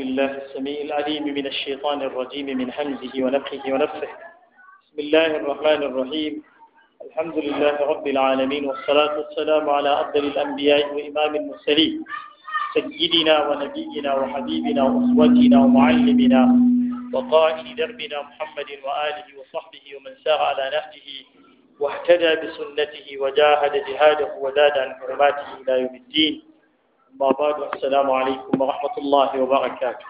بالله السميع العليم من الشيطان الرجيم من همزه ونفخه ونفخه بسم الله الرحمن الرحيم الحمد لله رب العالمين والصلاة والسلام على أفضل الأنبياء وإمام المرسلين سيدنا ونبينا وحبيبنا وأسوتنا ومعلمنا وقائد دربنا محمد وآله وصحبه ومن سار على نهجه واهتدى بسنته وجاهد جهاده وزاد عن حرماته إلى يوم الدين أما بعد السلام عليكم ورحمة الله وبركاته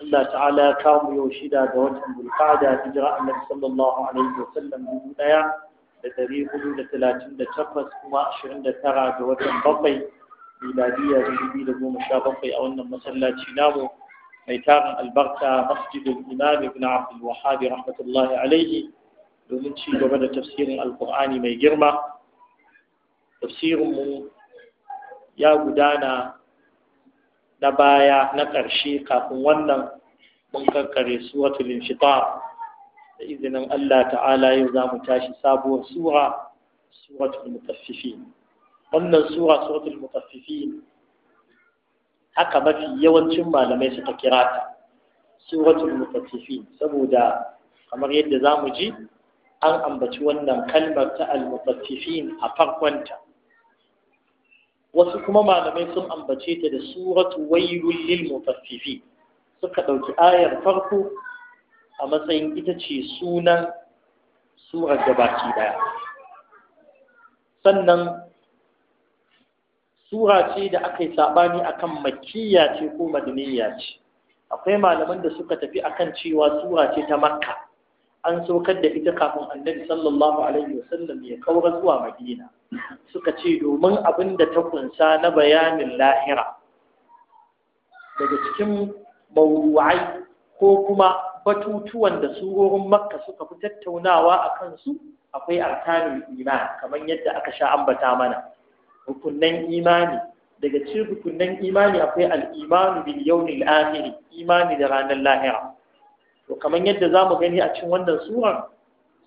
Allah ta'ala kamu yau shida ga watan bulkada hijira annabi sallallahu alaihi wa sallam dubu daya da dari hudu da talatin da takwas kuma ashirin da tara ga watan bakwai miladiya da dubu da goma sha bakwai a wannan masallaci namu mai tarin albarka masjidul imam ibn abdul wahhabi rahmatullahi alaihi domin ci gaba da tafsirin alqur'ani mai girma tafsirin mu ya gudana na baya na ƙarshe kafin wannan mun kankare suratul infitar da izinin Allah ta'ala yau za mu tashi sabuwar sura suratul mutaffifin wannan sura suratul mutaffifin haka mafi yawancin malamai suka kira ta suratul mutaffifin saboda kamar yadda za mu ji an ambaci wannan kalmar ta al-mutaffifin a farkonta wasu kuma malamai sun ambace ta da suratu wayrul lil mutaffifi suka ɗauki ayar farko a matsayin ita ce sunan surar baki daya sannan sura ce da aka yi saɓani akan makkiya ce ko madaniya ce akwai malaman da suka tafi akan cewa sura ce ta makka an saukar da ita kafin annabi sallallahu alaihi wasallam ya kaura zuwa madina suka ce domin abin da ta kunsa na bayanin lahira daga cikin mawuwai ko kuma batutuwan da surorin makka suka fi tattaunawa a kansu akwai arkanin iman kamar yadda aka sha ambata mana rukunnan imani daga cikin rukunnan imani akwai al'imanu bil yawmil akhir imani da ranar lahira to kamar yadda za mu gani a cikin wannan surar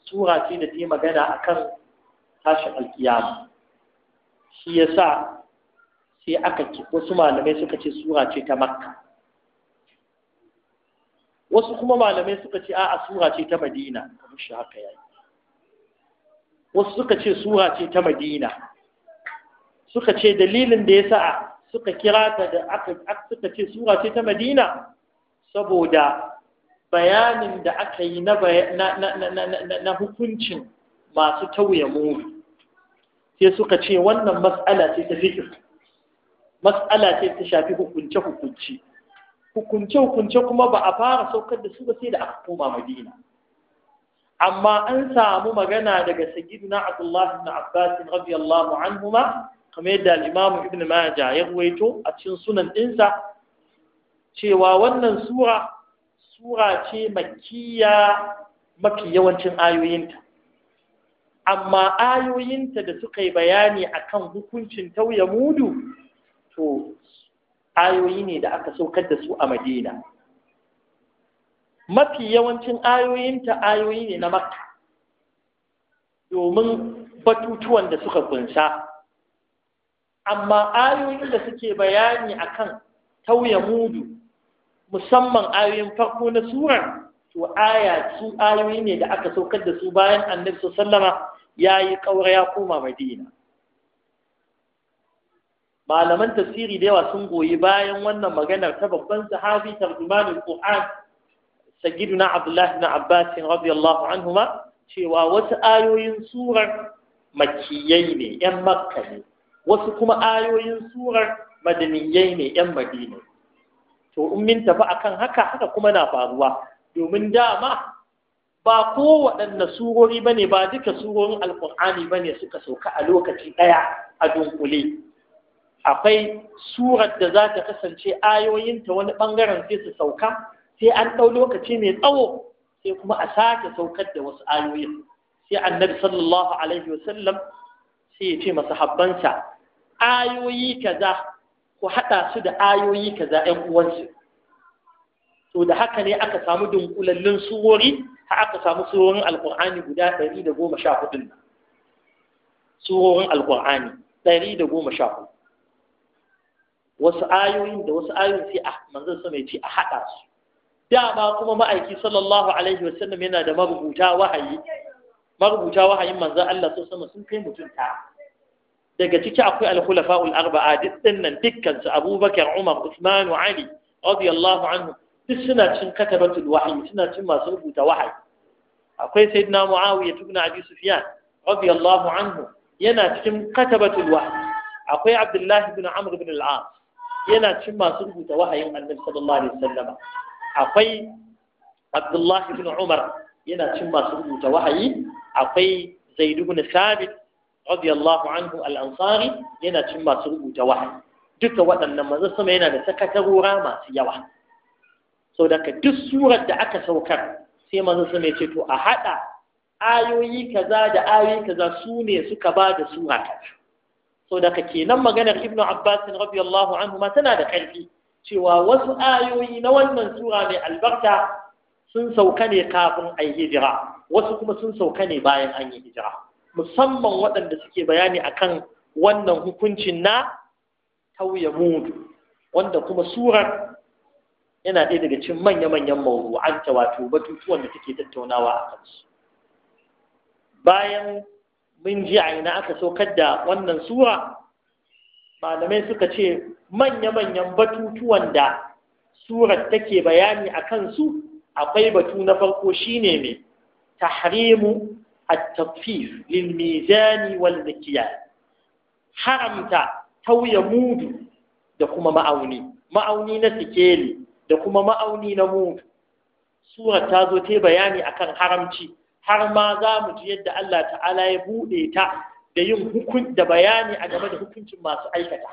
sura ce da ta yi magana a kan tashin alkiyama shi ya sa sai aka wasu malamai suka ce sura ce ta makka wasu kuma malamai suka ce a'a sura ce ta madina kamar shi haka yayi wasu suka ce sura ce ta madina suka ce dalilin da ya sa suka kira ta da aka suka ce sura ce ta madina saboda bayanin da aka yi na hukuncin masu tauye muri sai suka ce wannan mas'ala ce ta fikir mas'ala ce ta shafi hukunce hukunce hukunce hukunce kuma ba a fara saukar da su ba sai da aka koma madina amma an samu magana daga sayyidina abdullah ibn abbas radiyallahu anhuma kamar yadda al-imam ibn majah ya ruwaito a cikin sunan dinsa cewa wannan sura sura ce Makiya mafi yawancin ayoyinta amma ayoyinta da suka yi bayani akan hukuncin tauye mudu to ayoyi ne da aka saukar da su a madina mafi yawancin ayoyinta ayoyi ne na makka domin batutuwan da suka kunsa amma ayoyin da suke bayani akan tauye mudu musamman ayoyin farko na sura to aya su ayoyi ne da aka saukar da su bayan annabi sallama yayi yi ƙaura ya koma madina malaman tafsiri da yawa sun goyi bayan wannan maganar ta babban sahabi tarjumanul qur'an sayyiduna abdullah ibn abbas radiyallahu anhuma cewa wasu ayoyin surar makiyai ne yan makka ne wasu kuma ayoyin surar madaniyai ne yan madina to in min tafi akan haka haka kuma na faruwa domin dama ba kowaɗanne surori ba ne ba duka surorin alƙur'ani ba ne suka sauka a lokaci ɗaya a dunkule akwai surar da za ta kasance ayoyinta wani ɓangaren sai su sauka sai an ɗau lokaci mai tsawo sai kuma a sake saukar da wasu ayoyin sai annabi sallallahu alaihi wasallam sai ya ce masa habbansa ayoyi kaza ku haɗa su da ayoyi kaza ‘yan uwansu to da haka ne aka samu dunkulallun suwori har aka samu surorin alkur'ani guda 114 surorin sha 114 wasu ayoyin da wasu ayoyin sai a manzon sa mai ce a haɗa su dama kuma ma'aiki sallallahu alaihi wasallam yana da marubuta wahayi marubuta wahayin manzon Allah sallallahu alaihi sun kai mutum ta daga cikin akwai al-khulafa'ul arba'a dinnan dukkan su Abu Bakar Umar Uthman wa Ali radiyallahu anhu duk suna cin katabatul wahyi suna cin masu rubuta wahyi akwai sayyidina Muawiya ibn Abi Sufyan radiyallahu anhu yana cikin katabatul wahyi akwai Abdullah ibn Amr ibn al-As yana cin masu rubuta wahyin Annabi sallallahu alaihi wasallam akwai Abdullah ibn Umar yana cin masu rubuta wahyi akwai Zaid ibn Thabit radiyallahu anhu al-ansari yana cin masu rubuta wahayi duka waɗannan manzon sama yana da sakatarora masu yawa sau daga duk surar da aka saukar sai manzon sama ya ce to a haɗa ayoyi kaza da ayoyi kaza su ne suka ba da sura kaza sau daga kenan maganar ibnu abbas radiyallahu anhu ma tana da ƙarfi cewa wasu ayoyi na wannan sura mai albarka sun sauka ne kafin a yi hijira wasu kuma sun sauka ne bayan an yi hijira musamman waɗanda suke bayani akan wannan hukuncin na tauye mudu wanda kuma surar yana ɗaya daga cikin manya-manyan mawru'anta wato batutuwan da take tattaunawa a kansu bayan mun ji a ina aka saukar da wannan sura malamai suka ce manya-manyan batutuwan da surar take bayani a kansu akwai batu na farko shine mai tahrimu التطفيف للميزان والمكيال haramta tauye mudu da kuma ma'auni ma'auni na sikeli da kuma ma'auni na mudu sura ta zo ta bayani akan haramci har ma za mu ji yadda Allah ta'ala ya buɗe ta da bayani a game da hukuncin masu aikata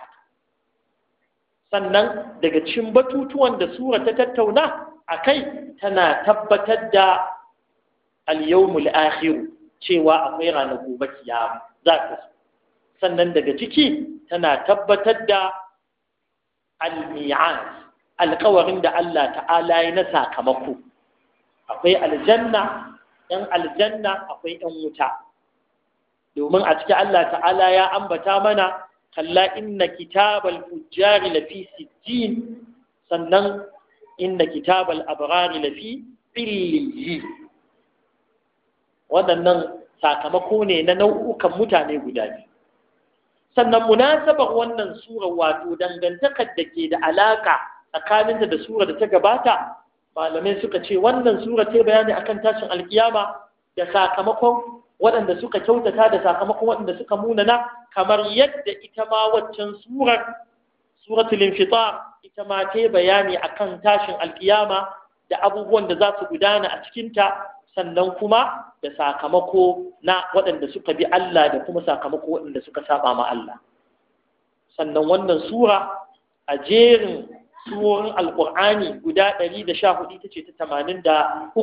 sannan daga cikin batutuwan da sura ta tattauna a kai tana tabbatar da al-yawmul akhiru cewa akwai rana ba kiyama za ta so sannan daga ciki tana tabbatar da almi'an, alkawarin da Allah ta'ala ya na sakamako akwai aljanna ‘yan aljanna akwai ‘yan wuta domin a cikin Allah ta'ala ya ambata mana kalla inna kitabal fujjari lafi sijjin sannan inna kitabal abrari lafi illiyi waɗannan sakamako ne na nau'ukan mutane guda biyu sannan munasabar wannan surar wato dangantakar da ke da alaƙa tsakaninta da surar da ta gabata malamai suka ce wannan sura ta bayani akan tashin alkiyama da sakamakon waɗanda suka kyautata da sakamakon waɗanda suka munana kamar yadda ita ma waccan surar suratul infitar ita ma ta bayani akan tashin alkiyama da abubuwan da za su gudana a cikinta sannan kuma da sakamako na waɗanda suka bi Allah da kuma sakamako waɗanda suka saba ma Allah sannan wannan sura a jerin surorin alkur'ani guda 114 ita ce ta 83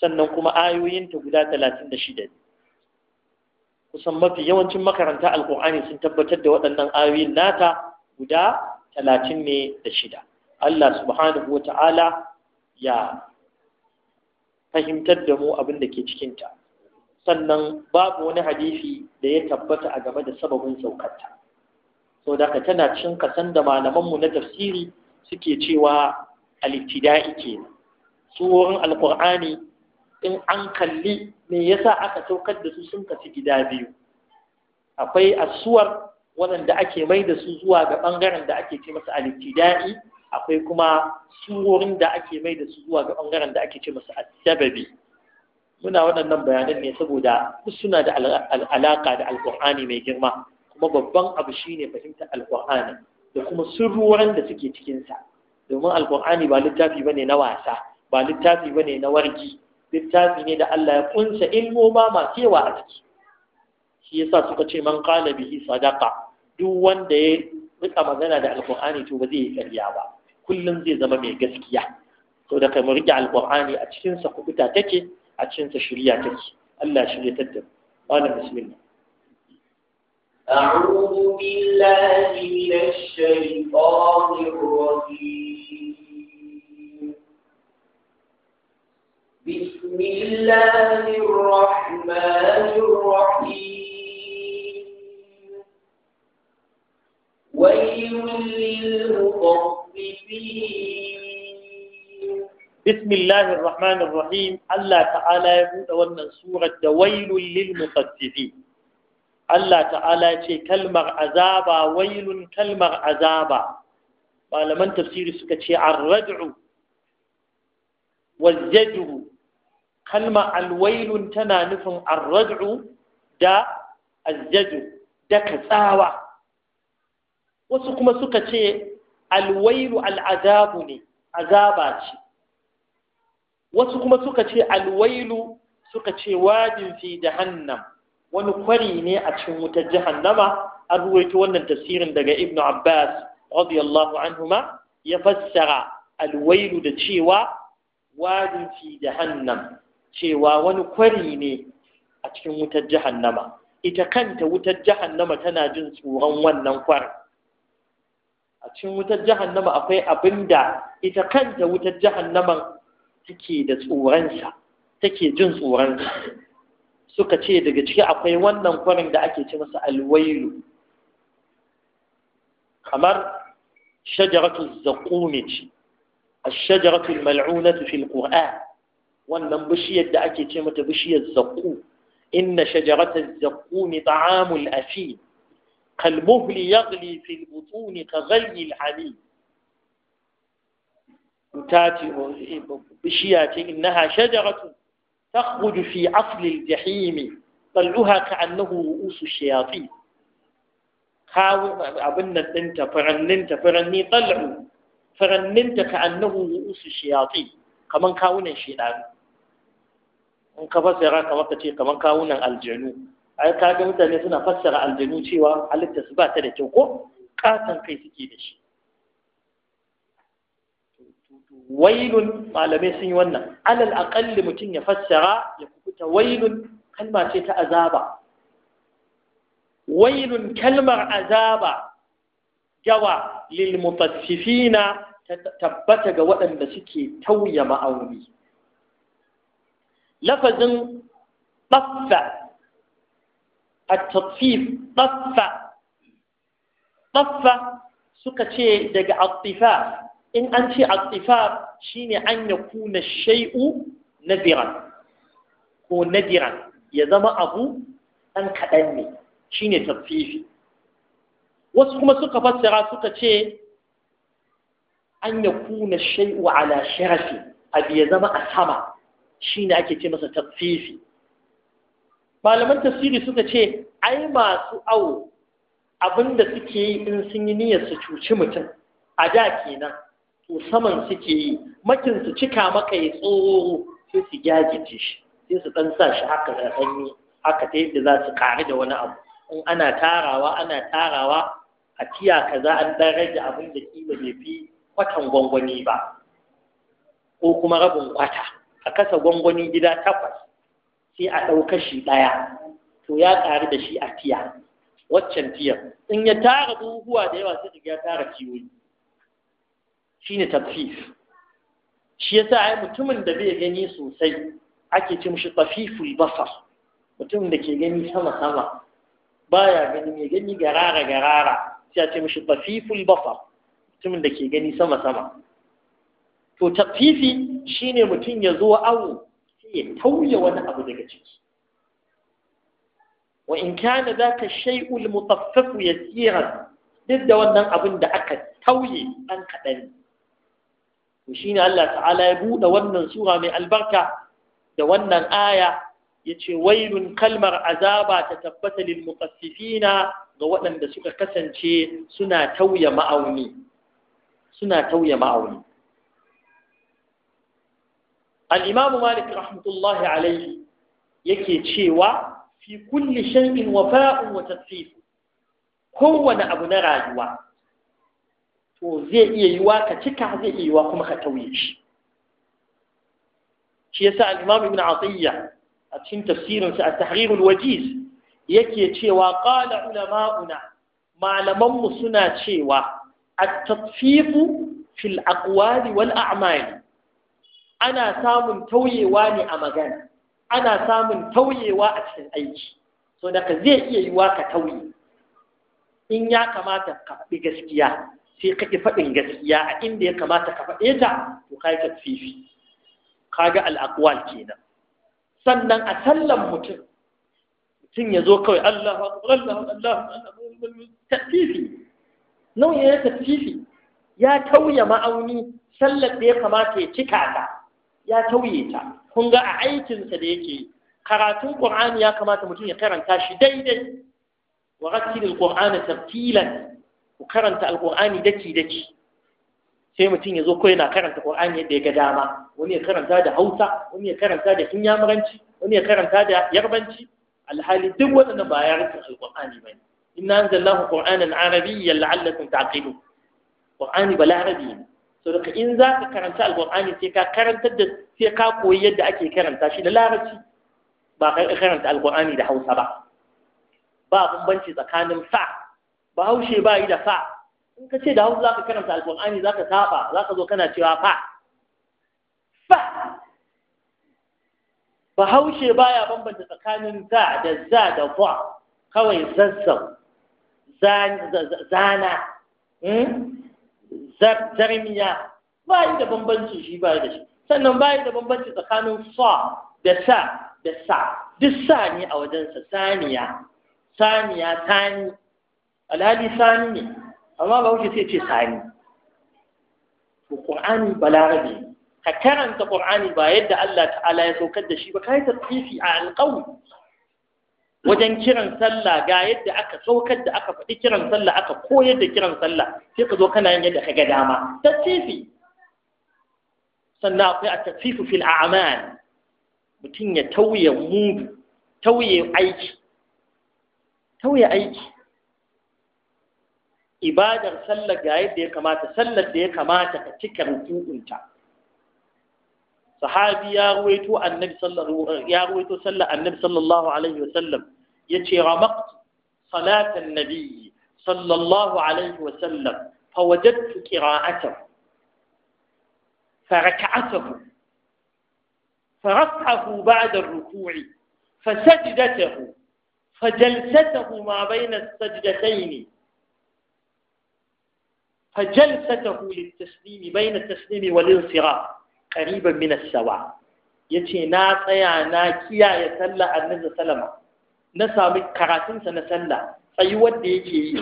sannan kuma ayoyinta guda 36 kusan mafi yawancin makaranta alkur'ani sun tabbatar da waɗannan ayoyin nata guda shida. Allah subhanahu wa ta'ala ya fahimtar da mu abin da ke cikinta sannan babu wani hadisi da ya tabbata a game da sababin saukarta so da ka tana cin kasan da malamanmu na tafsiri suke cewa al-ibtida'i kenan surorin alqur'ani in an kalli me yasa aka saukar da su sun kasu gida biyu akwai asuwar waɗanda ake mai da su zuwa ga ɓangaren da ake ce masa al akwai kuma surorin da ake mai da su zuwa ga bangaren da ake ce masu asbabi muna waɗannan bayanan ne saboda suna da alaka da alqur'ani mai girma kuma babban abu shine fahimtar alkur'ani da kuma surorin da suke cikin sa domin alkur'ani ba littafi bane na wasa ba littafi bane na wargi. littafi ne da Allah ya kunsa ilmoma masu yawa a ciki shi yasa suka ce man qala bihi sadaqa duk wanda ya rika magana da alkur'ani to ba zai yi ƙarya ba kullun zai zama mai gaskiya to da kai mu rike alqur'ani a cikin sa ku fita take a cikin sa shiriya take Allah shi ne da wannan bismillah a'udhu billahi minash shaytanir rajim بسم الله الرحمن الرحيم ويل للمطففين بسم الله الرحمن الرحيم الله تعالى يبود wannan surar da wailul lil mutaffifin Allah ta'ala ce kalmar azaba wailun kalmar azaba malaman tafsiri suka ce ar-rad'u wal-jadru al-wailun tana nufin ar-rad'u da al-jadru da katsawa wasu kuma suka ce alwailu al'azabu ne azaba ce wasu kuma suka ce alwailu suka ce wadin fi jahannam wani kwari ne a cikin wutar jahannama an ruwaito wannan tasirin daga ibnu abbas radiyallahu anhuma ya fassara alwailu da cewa wadin fi jahannam cewa wani kwari ne a cikin wutar jahannama ita kanta wutar jahannama tana jin tsoron wannan kwarin a cikin wutar jahannama akwai abin da ita kanta wutar jahannaman take da tsoronsa take jin tsoronsa suka ce daga ciki akwai wannan kwarin da ake ce masa alwailu kamar shajaratu zaƙumi ce a shajaratu mal'unatu fil qur'an wannan bishiyar da ake ce mata bishiyar zaƙu inna shajaratu zaƙumi ta'amul afi كالمهل يغلي في البطون كغلي الحليب وتاتي بشيات إنها شجرة تخرج في أصل الجحيم طلعها كأنه رؤوس الشياطين خاو أبن أنت فرننت فرني طلع فرننت كأنه رؤوس الشياطين كمان كاونا الشيطان in ka fasara kamar ka ce ai kaga mutane suna fassara aljanu cewa halitta su ba ta da kyau ko katon kai suke da shi wailun malamai sun yi wannan alal aqalli mutum ya fassara ya kubuta wailun kalma ce ta azaba wailun kalmar azaba gawa, lil mutaffifina tabbata ga waɗanda suke tauya ma'auni lafazin ɓaffa التطفيف طف طف suka ce daga attifaf in an ce attifaf shine an ya kuna shay'u nadiran ko nadiran ya zama abu ɗan kaɗan ne shine tafifi wasu kuma suka fassara suka ce an ya kuna shay'u ala sharafi abu ya zama a sama shine ake ce masa tafifi malaman tafsiri suka ce ai masu awo abinda suke yi in sun yi niyyar su cuci mutum a da kenan to saman suke yi makin su cika maka ya tsoro sai su gyagice shi sai su dan sa shi haka da sanyi haka ta yadda za su kare da wani abu in ana tarawa ana tarawa a tiya kaza an ɗan rage abin da kila bai fi kwatan gwangwani ba ko kuma rabin kwata a kasa gwangwani gida takwas sai a ɗauka shi ɗaya to ya ƙari da shi a tiya waccan tiya in ya tara buhuwa da yawa sai ya tara kiwoyi ne tafif shi ya sa ai mutumin da bai gani sosai ake ce mushi tafiful basar mutumin da ke gani sama sama baya gani mai gani garara garara sai a ce mushi tafiful basar mutumin da ke gani sama sama to tafifi shine mutum ya zo awo iya tauye wani abu daga ciki wa in kana zaka shay'ul ya tsira duk da wannan abin da aka tauye an kaɗan to shine Allah ta'ala ya buɗe wannan sura mai albarka da wannan aya yace wailun kalmar azaba ta tabbata lil mutaffifina ga waɗanda suka kasance suna tauye ma'auni suna tauye ma'auni al-imam malik rahmatullahi alayhi yake cewa fi kulli shay'in wafa'un wa tasfif kowane abu na rayuwa to iya yiwa ka cika zai iya yiwa kuma ka tauye shi shi yasa al-imam ibn atiyya a cikin tafsirin sa a tahrir al-wajiz yake cewa ƙala ulama'una malaman mu suna cewa at-tatfifu fil aqwali wal a'mali ana samun tauyewa ne a magana ana samun tauyewa a cikin aiki so daga zai iya yiwa ka tauye in ya kamata ka faɗi gaskiya sai ka ki faɗin gaskiya a inda ya kamata ka faɗe ta to ka yi tafifi ka ga al'akwal kenan sannan a sallan mutum mutum ya zo kawai Allah Allah Allah tafifi nau'in ya tafifi ya tauye ma'auni sallar da ya kamata ya cika ta ya tauye ta kun ga a aikinsa da yake karatun ƙur'ani ya kamata mutum ya karanta shi daidai wa rattilil qur'ana tartilan ku karanta alqur'ani daki daki sai mutum ya zo ko yana karanta qur'ani yadda ya ga dama wani ya karanta da hausa wani ya karanta da kinyamuranci wani ya karanta da yarbanci alhali duk wanda ba yarukan alqur'ani bane inna anzalnahu qur'anan arabiyyan la'allakum ta'qilun qur'ani balarabi ne So daga in za ka karanta alƙur'ani sai ka karanta da sai ka koyi yadda ake karanta shi da larabci ba ka karanta alƙur'ani da hausa ba ba bambanci tsakanin sa bahaushe ba yi da fa in ka ce da hausa za ka karanta alƙur'ani za ka saba za ka zo kana cewa fa fa bahaushe ya bambanta tsakanin za da za da kwa kawai zazzau zana hmm? zarmiya ba yi da bambanci shi ba da shi sannan ba yi da bambanci tsakanin sa da sa da sa duk sa ne a wajensa saniya saniya sani alhali sani ne amma ba wuce sai ce sani to qur'ani balarabe ka karanta qur'ani ba yadda Allah ta'ala ya saukar da shi ba kai tasfifi a alqawl wajen kiran sallah ga yadda aka saukar da aka faɗi kiran sallah aka koyar da kiran sallah sai ka zo kana yin yadda ka ga dama tasfifi sannan akwai a tasfifu fil a'mal mutum ya tauye mudu tauye aiki tauye aiki ibadar sallar ga yadda ya kamata sallar da ya kamata ka cika rukunta sahabi ya ruwaito annabi sallallahu ya ruwaito sallar annabi sallallahu alaihi wasallam yace ramaqtu salatan nabi sallallahu alaihi wasallam fawajadtu qira'atahu فركعته فرفعه بعد الركوع فسجدته فجلسته ما بين السجدتين فجلسته للتسليم بين التسليم والانصراف ƙariba min as-sawa yace na tsaya na kiyaye sallah annabi sallama na sami karatunsa na sallah tsayuwar da yake yi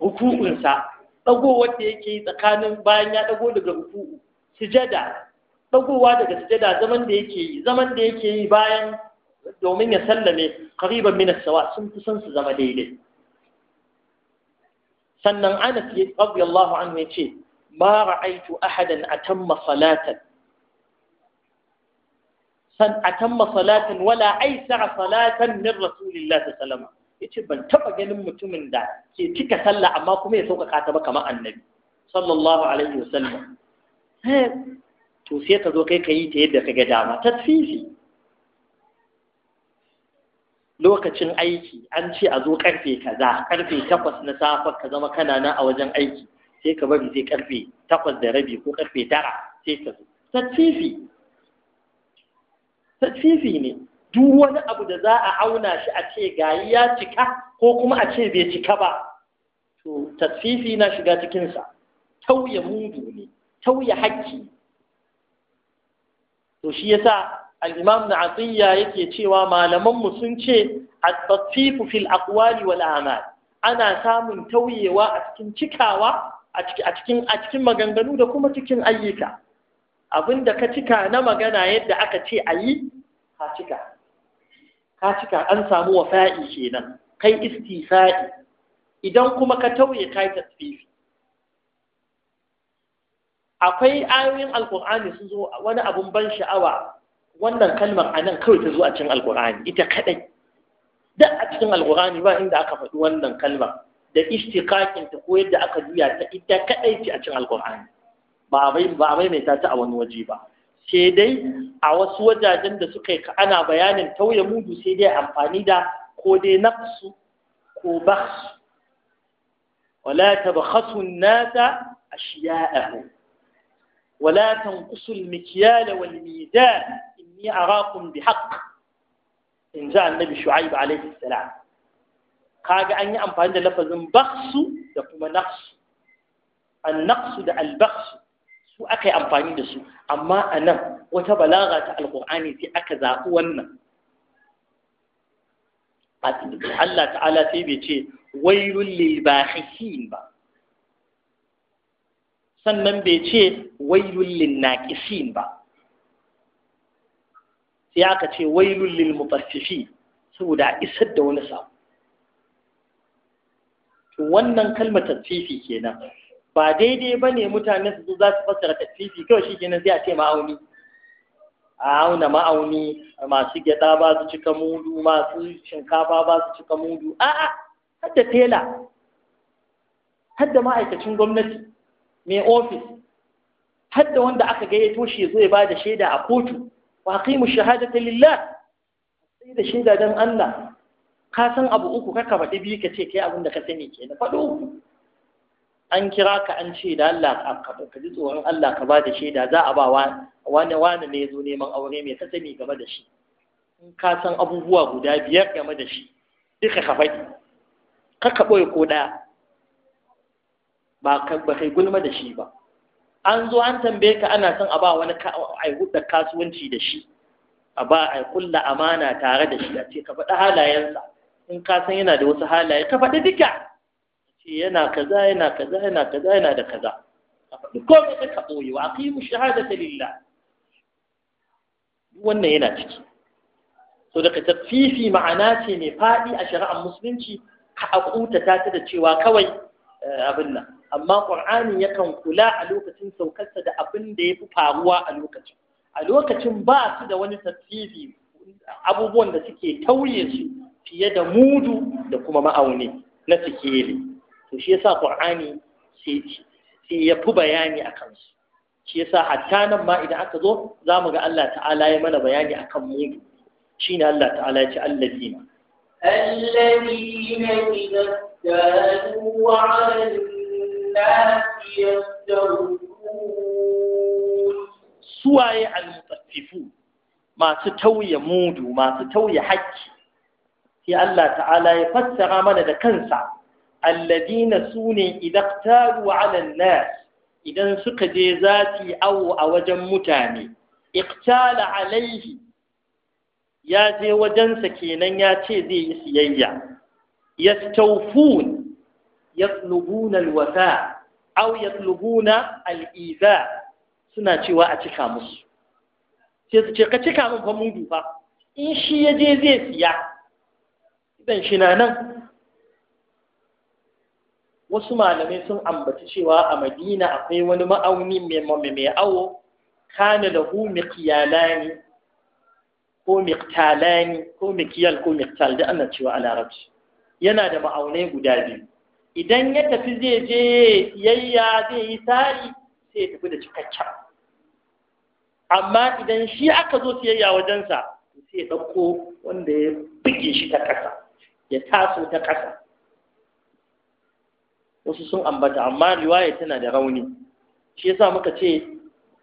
ruku'unsa ɗagowar da yake yi tsakanin bayan ya ɗago daga hukumu, sujada ɗagowa daga sujada zaman da yake yi zaman da yake yi bayan domin ya sallame qariban min sawa sun fi son su zama daidai sannan Anas radiyallahu anhu yace ma ra'aytu ahadan atamma salatan atamma salatin wala aisara salatan min rasulillah sallallahu alaihi yace ban taba ganin mutumin da ke cika sallah amma kuma ya sauka ta ba kamar annabi sallallahu alaihi wasallam to sai ka zo kai ka yi ta yadda ka ga dama tasfifi lokacin aiki an ce a zo karfe kaza karfe takwas na safa ka zama kana nan a wajen aiki sai ka bari sai karfe takwas da rabi ko karfe tara sai ka zo tasfifi tasfifi ne duk wani abu da za a auna shi a ce gayi ya cika ko kuma a ce bai cika ba to tasfifi na shiga cikinsa tauye mudu ne tauye hakki to shi yasa al-imam na'atiyya yake cewa malaman mu sun ce at-tasfifu fil aqwali wal a'mal ana samun tauyewa a cikin cikawa a cikin a cikin maganganu da kuma cikin ayyuka abin da ka cika na magana yadda aka ce a yi ka cika ka cika an samu wa wafa'i kenan kai istifa'i idan kuma ka tauye kai tasfifi akwai ayoyin alkur'ani sun zo wani abun ban sha'awa wannan kalmar a nan kawai ta zo a cikin alkur'ani ita kadai Da a cikin alkur'ani ba inda aka faɗi wannan kalmar da ishtiqaqin ta ko yadda aka juya ta ita kaɗai ce a cikin alkur'ani ba a maimaita ta a wani waje ba sai dai a wasu wajajen da suka yi ana bayanin tauye mudu sai dai amfani da ko dai nafsu ko baksu wala a an-nasa ashiya'ahum wala tanqusu al in wal a inni bi haƙ. in ja annabi shu'aib alayhi salam kaga an yi amfani da lafazin baksu da kuma naqsu an-naqsu da al su aka yi amfani da su amma a nan wata balaga ta alkur'ani sai aka zaɓi wannan Allah ta'ala sai bai ce wailul lil ba sannan bai ce wailul lin ba sai aka ce wailul lil saboda isar da wani sako wannan kalmar tafifi kenan ba daidai ba ne mutane su za su fassara tafifi kawai shi kenan sai a ce ma'auni a auna ma'auni masu gyada ba su cika mudu masu shinkafa ba su cika mudu a'a hadda tela hadda ma'aikacin gwamnati mai ofis hadda wanda aka gayyato shi zo ya bada shaida a kotu wa shahada ta lillah sai da shaida dan Allah ka san abu uku kaka faɗi biyu ka ce kai abin da ka sani kenan faɗi uku an kira ka an ce da Allah ka ji tsoron Allah ka ba da shaida za a ba wani wani ne zo neman aure mai ka game da shi in ka san abubuwa guda biyar game da shi duka ka faɗi ka ka ɓoye ko ɗaya ba ka kai gulma da shi ba an zo an tambaye ka ana son a ba wani ai hudda kasuwanci da shi a ba ai kulla amana tare da shi a ce ka faɗi halayensa in ka san yana da wasu halaye ka faɗi duka ce yana kaza yana kaza yana kaza yana da kaza a faɗi ka ɓoye wa aqimu shahadata lillah wannan yana ciki so daga tafifi ma'ana ce mai faɗi a shari'ar musulunci ka akuta ta ta da cewa kawai eh, abin nan amma qur'ani yakan kula a lokacin saukarsa da abin da yafi faruwa a lokacin a lokacin ba su da wani tafifi abubuwan da suke tauye su fiye da mudu da kuma ma'auni na sikeli to shi yasa qur'ani sai ya fi bayani a kansu shi yasa hatta nan ma idan aka zo za mu ga Allah ta'ala ya mana bayani a kan mudu shi ne Allah ta'ala ya ce allazina na idza kanu ala an-nasi yastawun suwaye al-mutaffifu masu tauye mudu masu tauye hakki sai Allah ta'ala ya fassara mana da kansa alladina su ne idaktaru ala nas idan suka je zafi awo a wajen mutane iktala alaihi ya je wajensa kenan ya ce zai yi siyayya yastawfun yatlubuna alwafa aw yatlubuna aliza suna cewa a cika musu sai su ce ka cika min fa mun fa in shi ya je zai siya idan shi na nan wasu malamai sun ambaci cewa a madina akwai wani ma'auni mai awo kana hu miqyalani ko miqtalani ko miqyal ko miqtal da ana cewa a larabci yana da ma'aunai guda biyu idan ya tafi zai je siyayya zai yi sari sai ya tafi da cikakken amma idan shi aka zo siyayya wajensa sai ya ɗauko wanda ya buge shi ta ƙasa ya taso ta ƙasa wasu sun ambata amma riwaya tana da rauni shi yasa muka ce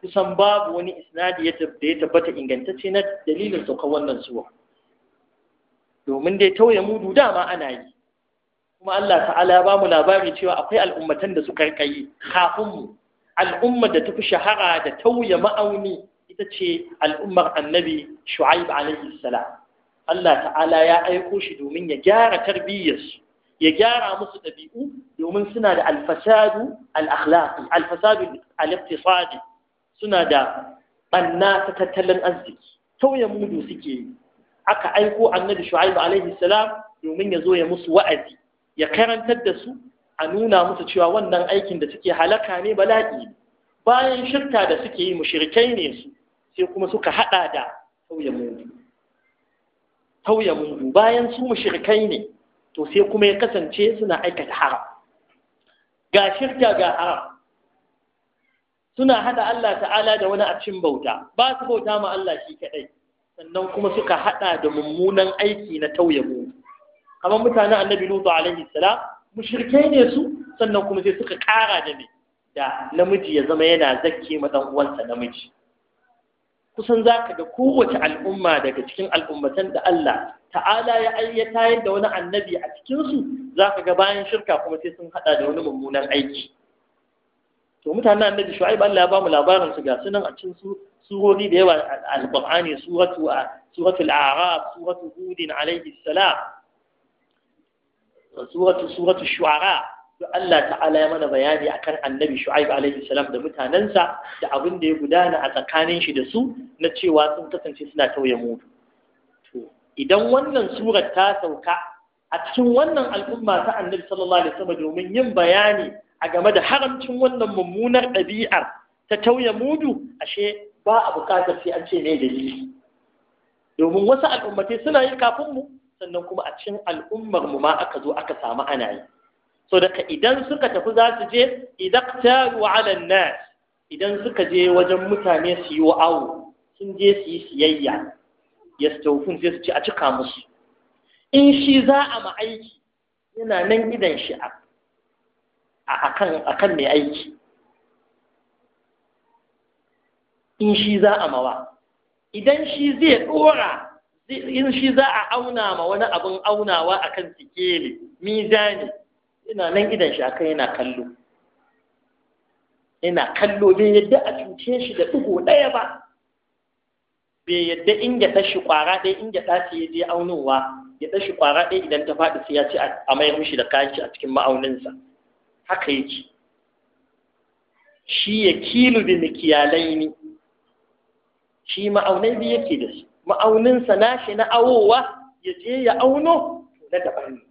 kusan babu wani isnadi da ya tabbata ingantacce na dalilin saukar wannan suwa domin dai tauye mudu dama ana yi kuma Allah ta'ala ya bamu labari cewa akwai al'ummatan da suka rikayi kafin mu al'umma da tafi shahara da tauye ma'auni ita ce al'ummar annabi shu'aib alaihi salam Allah ta'ala ya aiko shi domin ya gyara tarbiyyarsu ya gyara musu ɗabi'u domin suna da alfasadu al alfasadu al suna da ɓanna ta tattalin arziki tauye mudu suke yi aka aiko annabi shu'aib alaihi salam domin ya zo ya musu wa'azi ya karantar da su a nuna musu cewa wannan aikin da suke halaka ne bala'i bayan shirka da suke yi mushrikai ne su sai kuma suka hada da tauye mudu tauye mudu bayan su mushrikai ne to sai kuma ya kasance suna aikata haram ga shirka ga haram suna hada Allah ta'ala da wani a cikin bauta ba su bauta ma Allah shi kadai sannan kuma suka hada da mummunan aiki na tauye mu kamar mutanen annabi lutu alaihi salam mushrike ne su sannan kuma sai suka kara da me da namiji ya zama yana zakke ma dan uwansa namiji kusan za ka ga kowace al'umma daga cikin al'ummatan da Allah ta'ala ya ayyata yadda wani annabi a cikinsu za ka ga bayan shirka kuma sai sun haɗa da wani mummunan aiki to mutanen annabi shu'aib Allah ya ba mu labarin su ga sunan a cikin su da yawa al-Qur'ani suratu suratul a'raf suratu hud alayhi salam suratu suratu shu'ara to Allah ta'ala ya mana bayani akan annabi shu'aib alaihi salam da mutanensa da abin da ya gudana a tsakanin shi da su na cewa sun kasance suna tauye mudu to idan wannan surar ta sauka a cikin wannan al'umma ta annabi sallallahu alaihi wasallam domin yin bayani a game da haramcin wannan mummunar ɗabi'ar ta tauye mudu ashe ba a buƙatar sai an ce ne dalili domin wasu al'ummatai suna yi kafin mu sannan kuma a cikin al'ummar mu ma aka zo aka samu ana yi so daga idan suka tafi za su je idaktaru ala nas idan suka je wajen mutane su yi awu sun je su yi siyayya yastawfun sai su ce a cika musu in shi za a ma aiki yana nan idan shi a kan mai aiki in shi za a mawa idan shi zai dora in shi za a auna ma wani abin aunawa kan sikeli mizani ina nan idan shi akan yana kallo yana kallo bai yadda a cuce shi da ɗigo ɗaya ba bai yadda in ya tashi ƙwara ɗaya in ya tashi ya je aunowa ya tashi ƙwara ɗaya idan ta faɗi sai ya ce a mayar mishi da kayan shi a cikin ma'auninsa haka yake shi ya kilu da mikiyalai ne shi ma'aunai biyu yake da su ma'auninsa nashi na awowa ya je ya auno na daban ne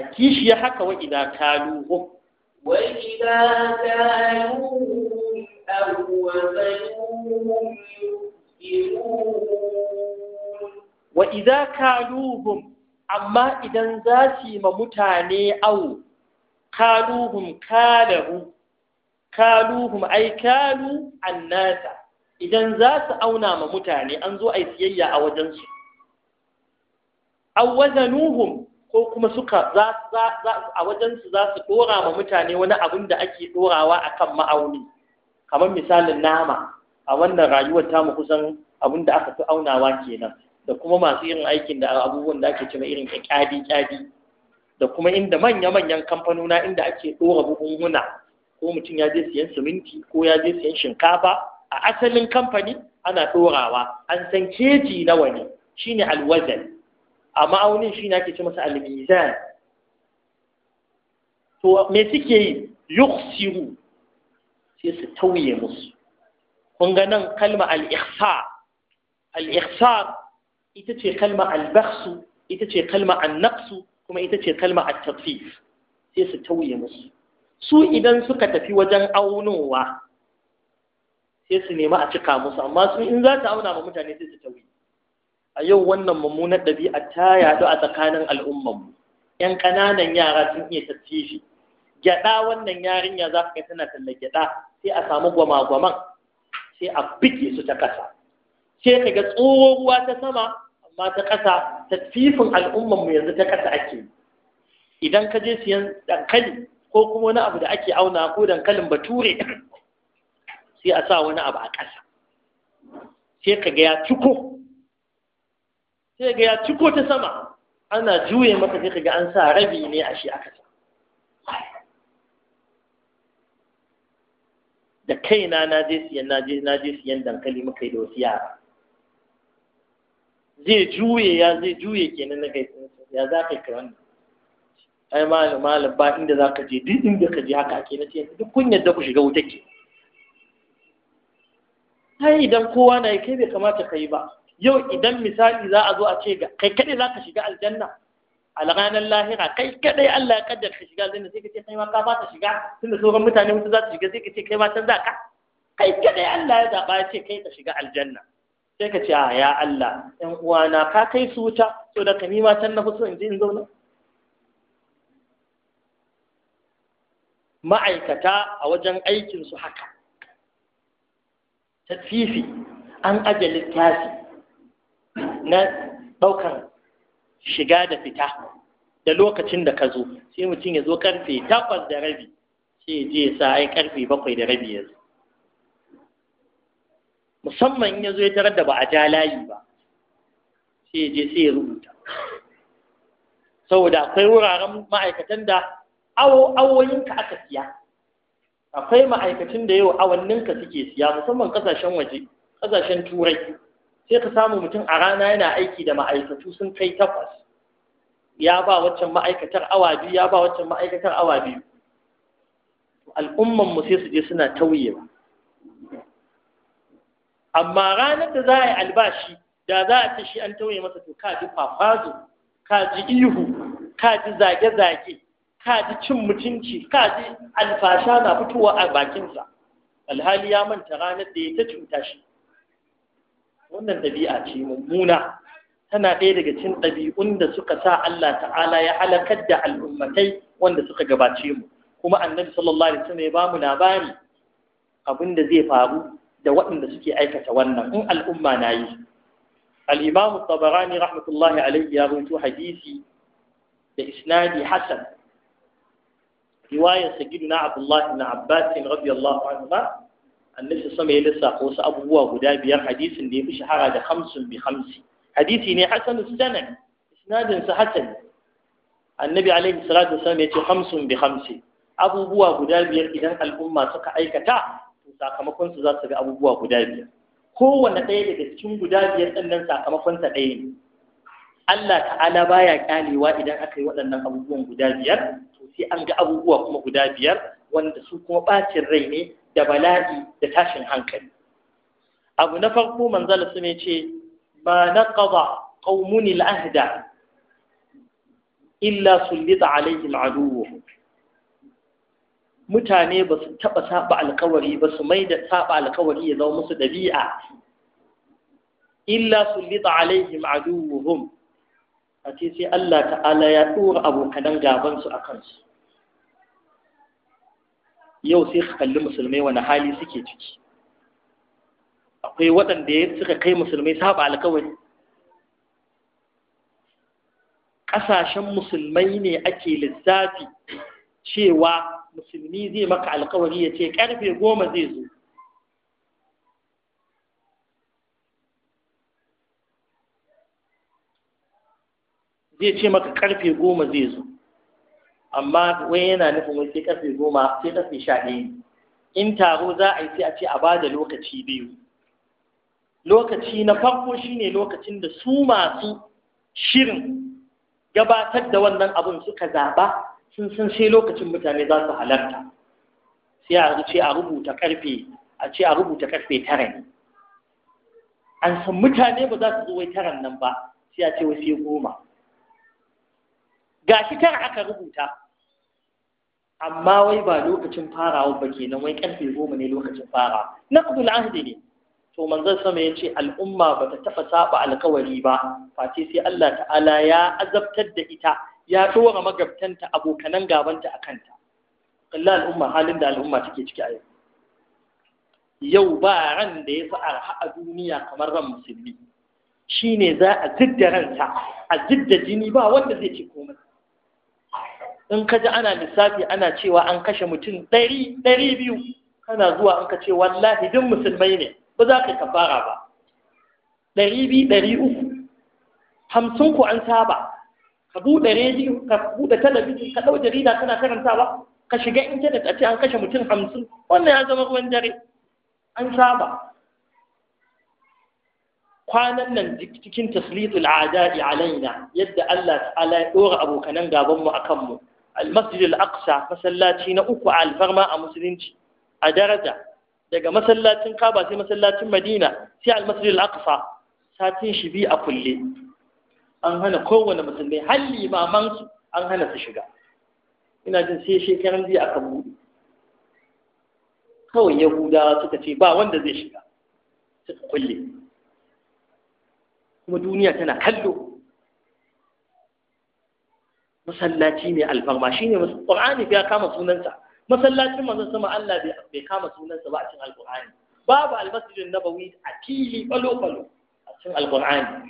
a kishiya haka wa idan kaluhu wa idan kaluhu wa idan kaluhum amma idan za su yi ma mutane au kaluhum kalahu kaluhum ai kalu annata idan za su auna ma mutane an zo a yi siyayya a wajensu aw wazanuhum ko kuma suka a wajensu za su dora ma mutane wani abin da ake dorawa a kan ma'auni kamar misalin nama a wannan rayuwar tamu kusan abin da aka fi aunawa kenan da kuma masu irin aikin da abubuwan da ake cewa irin ƙyaɗi kyadi da kuma inda manya-manyan kamfanona inda ake ɗora buhunhuna ko mutum ya je siyan siminti ko ya je siyan shinkafa a asalin kamfani ana ɗorawa an san keji nawa ne shine alwazan a ma'aunin shi ne ake ce masa almizan to me suke yi yuksiru sai su tauye musu kun ga nan kalma al-ihsa al-ihsa ita ce kalma al-bakhsu ita ce kalma an-naqsu kuma ita ce kalma at-tafif sai su tauye musu su idan suka tafi wajen aunowa sai su nema a cika musu amma su in za ta auna ma mutane sai su tauye a yau wannan mummunar ɗabi'a ta yaɗu a tsakanin mu. ‘yan ƙananan yara sun iya shi gyaɗa wannan yarinya za ka tana talla gyaɗa sai a samu gwamagwaman sai a bige su ta ƙasa sai ka ga ta sama amma ta ƙasa al'umman al'ummarmu yanzu ta ƙasa ake idan ka je siyan dankali ko kuma wani abu da ake auna ko dankalin bature sai a sa wani abu a ƙasa sai ka ga ya ciko sai ga ya ciko ta sama ana juye maka sai ga an sa rabi ne a shi aka sa da kaina na je siyan na je na je siyan dankali muka yi da wasu yara zai juye ya zai juye kenan na kai ya za ka yi kiran ai malam malam ba inda za ka je duk inda ka je haka ake na ce duk kun yadda ku shiga wuta ke ai idan kowa na yi kai bai kamata ka yi ba yau idan misali za a zo a ce kai kadai za ka shiga aljanna a ranar lahira kai kadai Allah ya kaddar ka shiga aljanna sai ka ce kai ma ka ba ta shiga tunda sauran mutane mutu za su shiga sai ka ce kai ma can za ka kai kadai Allah ya zaba ya ce kai ka shiga aljanna sai ka ce a ya Allah ƴan uwana ka kai su wuta so da kani ma can na fi so in je in zauna ma'aikata a wajen aikinsu haka tafifi an aje littafi na ɗaukan shiga da fita da lokacin da ka zo sai mutum ya zo karfe takwas da rabi sai ya je ya sa ai karfe bakwai da rabi ya zo musamman in ya zo ya tarar da ba a ja layi ba sai ya je sai ya rubuta saboda akwai wuraren ma'aikatan da awoyinka aka siya akwai ma'aikacin da yau awanninka suke siya musamman kasashen waje kasashen turai sai ka samu mutum a rana yana aiki da ma'aikatu sun kai takwas ya ba waccan ma'aikatar awa biyu ya ba waccan ma'aikatar awa biyu al'umman mu sai su je suna tauye ba amma ranar da za a yi albashi da za a ta shi an tauye masa to ka ji fafazo ka ji ihu ka ji zage-zage ka ji cin mutunci ka ji alfasha na fitowa a bakinsa alhali ya manta ranar da ya ta cuta shi wannan ɗabi'a ce mummuna tana ɗaya daga cikin ɗabi'un da suka sa Allah ta'ala ya halakar da al'ummatai wanda suka gabace mu kuma annabi sallallahu alaihi wasallam ya bamu labari abin da zai faru da waɗanda suke aikata wannan in al'umma na yi al-imamu tabarani rahmatullahi alaihi ya rubuto hadisi da isnadi hasan riwayar na abdullah ibn abbas radiyallahu anhu annabi sama ya lissafa wasu abubuwa guda biyar hadisin da ya fi shahara da hamsin bi hamsi hadisi ne hasan sanan isnadin sa hasan annabi alaihi salatu wasallam ya ce hamsin bi hamsi abubuwa guda biyar idan al'umma suka aikata to sakamakon su za su ga abubuwa guda biyar kowanne ɗaya daga cikin guda biyar ɗin nan sakamakon sa ɗaya ne Allah ta'ala baya kyalewa idan aka yi waɗannan abubuwan guda biyar to sai an ga abubuwa kuma guda biyar wanda su kuma ɓacin rai ne da bala'i da tashin hankali abu na farko manzala su ne ce ba na qada qaumun al-ahda illa sullita alaihim aduwwuhum mutane ba su taɓa saba alkawari ba su mai da saba alkawari ya zama musu ɗabi'a illa sullita alaihim aduwwuhum a ce sai Allah ta'ala ya ɗora abokanan gabansu a kansu yau sai ka kalli musulmai wani hali suke ciki akwai waɗanda ya suka kai musulmai saba alkawari ƙasashen musulmai ne ake lissafi cewa musulmi zai maka alkawari ya ce ƙarfe goma zai zo zai ce maka ƙarfe goma zai zo amma wai yana nufin wai sai karfe goma sai karfe sha ɗaya in taro za a yi sai a ce a ba da lokaci biyu lokaci na farko shine lokacin da su masu shirin gabatar da wannan abun suka zaɓa sun san sai lokacin mutane za su halarta sai a ce a rubuta karfe a ce a rubuta karfe tara ne an san mutane ba za su zo wai taran nan ba sai a ce wai sai goma gashi kar aka rubuta amma wai ba lokacin farawa ba kenan wai karfe goma ne lokacin farawa naqdul ahdi ne to manzon sama ya ce al'umma ba ta taɓa saba alkawari ba face sai Allah ta'ala ya azabtar da ita ya ɗora magabtanta abokanan gabanta a kanta kalla al'umma halin da al'umma take ciki a yau yau ba ran da ya fi arha a duniya kamar ran musulmi shine za a zidda ransa a zidda jini ba wanda zai ce komai in ka ji ana lissafi ana cewa an kashe mutum ɗari ɗari biyu kana zuwa an ka ce wallahi duk musulmai ne ba za ka kafara ba ɗari biyu ɗari uku hamsin ku an saba ka buɗe rediyo ka buɗe talabijin ka ɗau jarida kana karantawa ka shiga intanet a ce an kashe mutum hamsin wannan ya zama ruwan dare an saba kwanan nan cikin taslitul adadi alaina yadda Allah ta'ala ya dora abokanan gabanmu a kanmu al-masjid masallaci na uku a alfarma a musulunci a daraja daga masallacin kaba sai masallacin madina sai al-masjid al-aqsa satin shi bi a kulle an hana kowane musulmi har limaman su an hana su shiga ina jin sai shekaran jiya aka buɗe kawai yahudawa suka ce ba wanda zai shiga suka kulle kuma duniya tana kallo masallaci mai alfarma shine qur'ani ya kama sunansa masallacin manzon sama Allah bai kama sunansa ba a cikin alqur'ani babu almasjidun nabawi a fili falo falo a cikin alqur'ani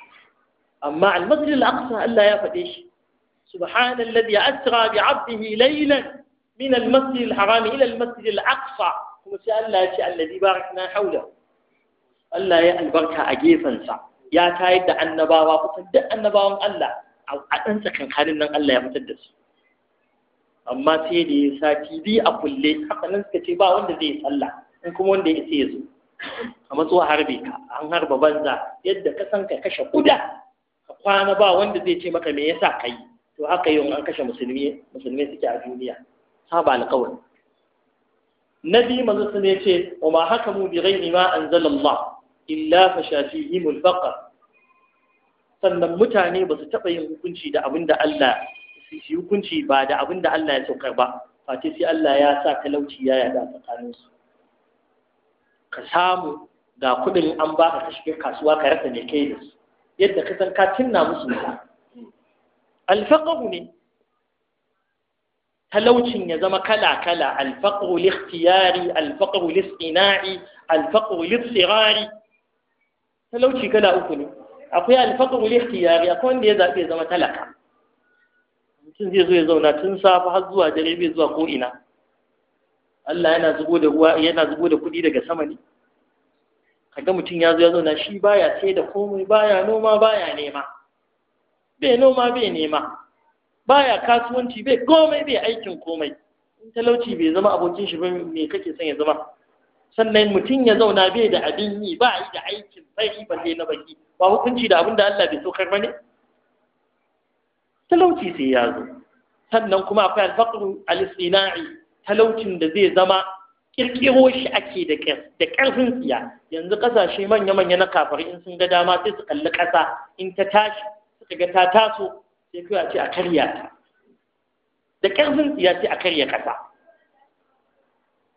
amma almasjid al-aqsa Allah ya faɗe shi سبحان الذي أسرى بعبده ليلا من المسجد الحرام إلى المسجد الأقصى kuma sai Allah ya ce allazi barakna haula Allah ya albarka a gefansa ya tayar da annabawa kusan duk annabawan Allah a ɗan halin nan Allah ya fitar da su amma sai da ya sati biyu a kulle nan suka ce ba wanda zai tsalla, in kuma wanda ya ya zo a matsuwa harbe ka an harba banza yadda ka san ka kashe kuda ka kwana ba wanda zai ce maka me yasa ka yi. to haka yi an kashe musulmi musulmi suke a duniya ba alƙawari na manzo sun ce wa ma hakamu bi ghairi ma anzalallah illa shafi fihimul faƙa. sannan mutane ba su taɓa yin hukunci da abin da Allah su hukunci ba da abin da Allah ya saukar ba face sai Allah ya sa talauci ya yada tsakanin su ka samu ga kuɗin an ba ka shiga kasuwa ka rasa mai kai da su yadda ka san ka cinna musu wuta alfaqahu ne talaucin ya zama kala kala alfaqahu li ikhtiyari alfaqahu li istina'i alfaqahu li talauci kala uku ne akwai alfaqul ikhtiyari akwai wanda ya zaɓi zama talaka mutum zai zo ya zauna tun safa har zuwa dare bai zuwa ko ina Allah yana zubo da ruwa yana zubo da kuɗi daga sama ne kaga mutum ya zo ya zauna shi baya sai da komai baya noma baya nema bai noma bai nema baya kasuwanci bai komai bai aikin komai in talauci bai zama abokin shi ba me kake son ya zama sannan mutum ya zauna bai da abin yi ba yi da aikin sai ba zai na baki ba hukunci da abin da Allah bai saukar ba ne talauci sai ya zo sannan kuma akwai alfaqru al-istina'i talaucin da zai zama kirkiro shi ake da da karfin tsiya yanzu kasashe manya manya na kafari in sun ga dama sai su kalli kasa in ta tashi suka ga ta taso sai kai a ce a karya ta da karfin siya sai a karya kasa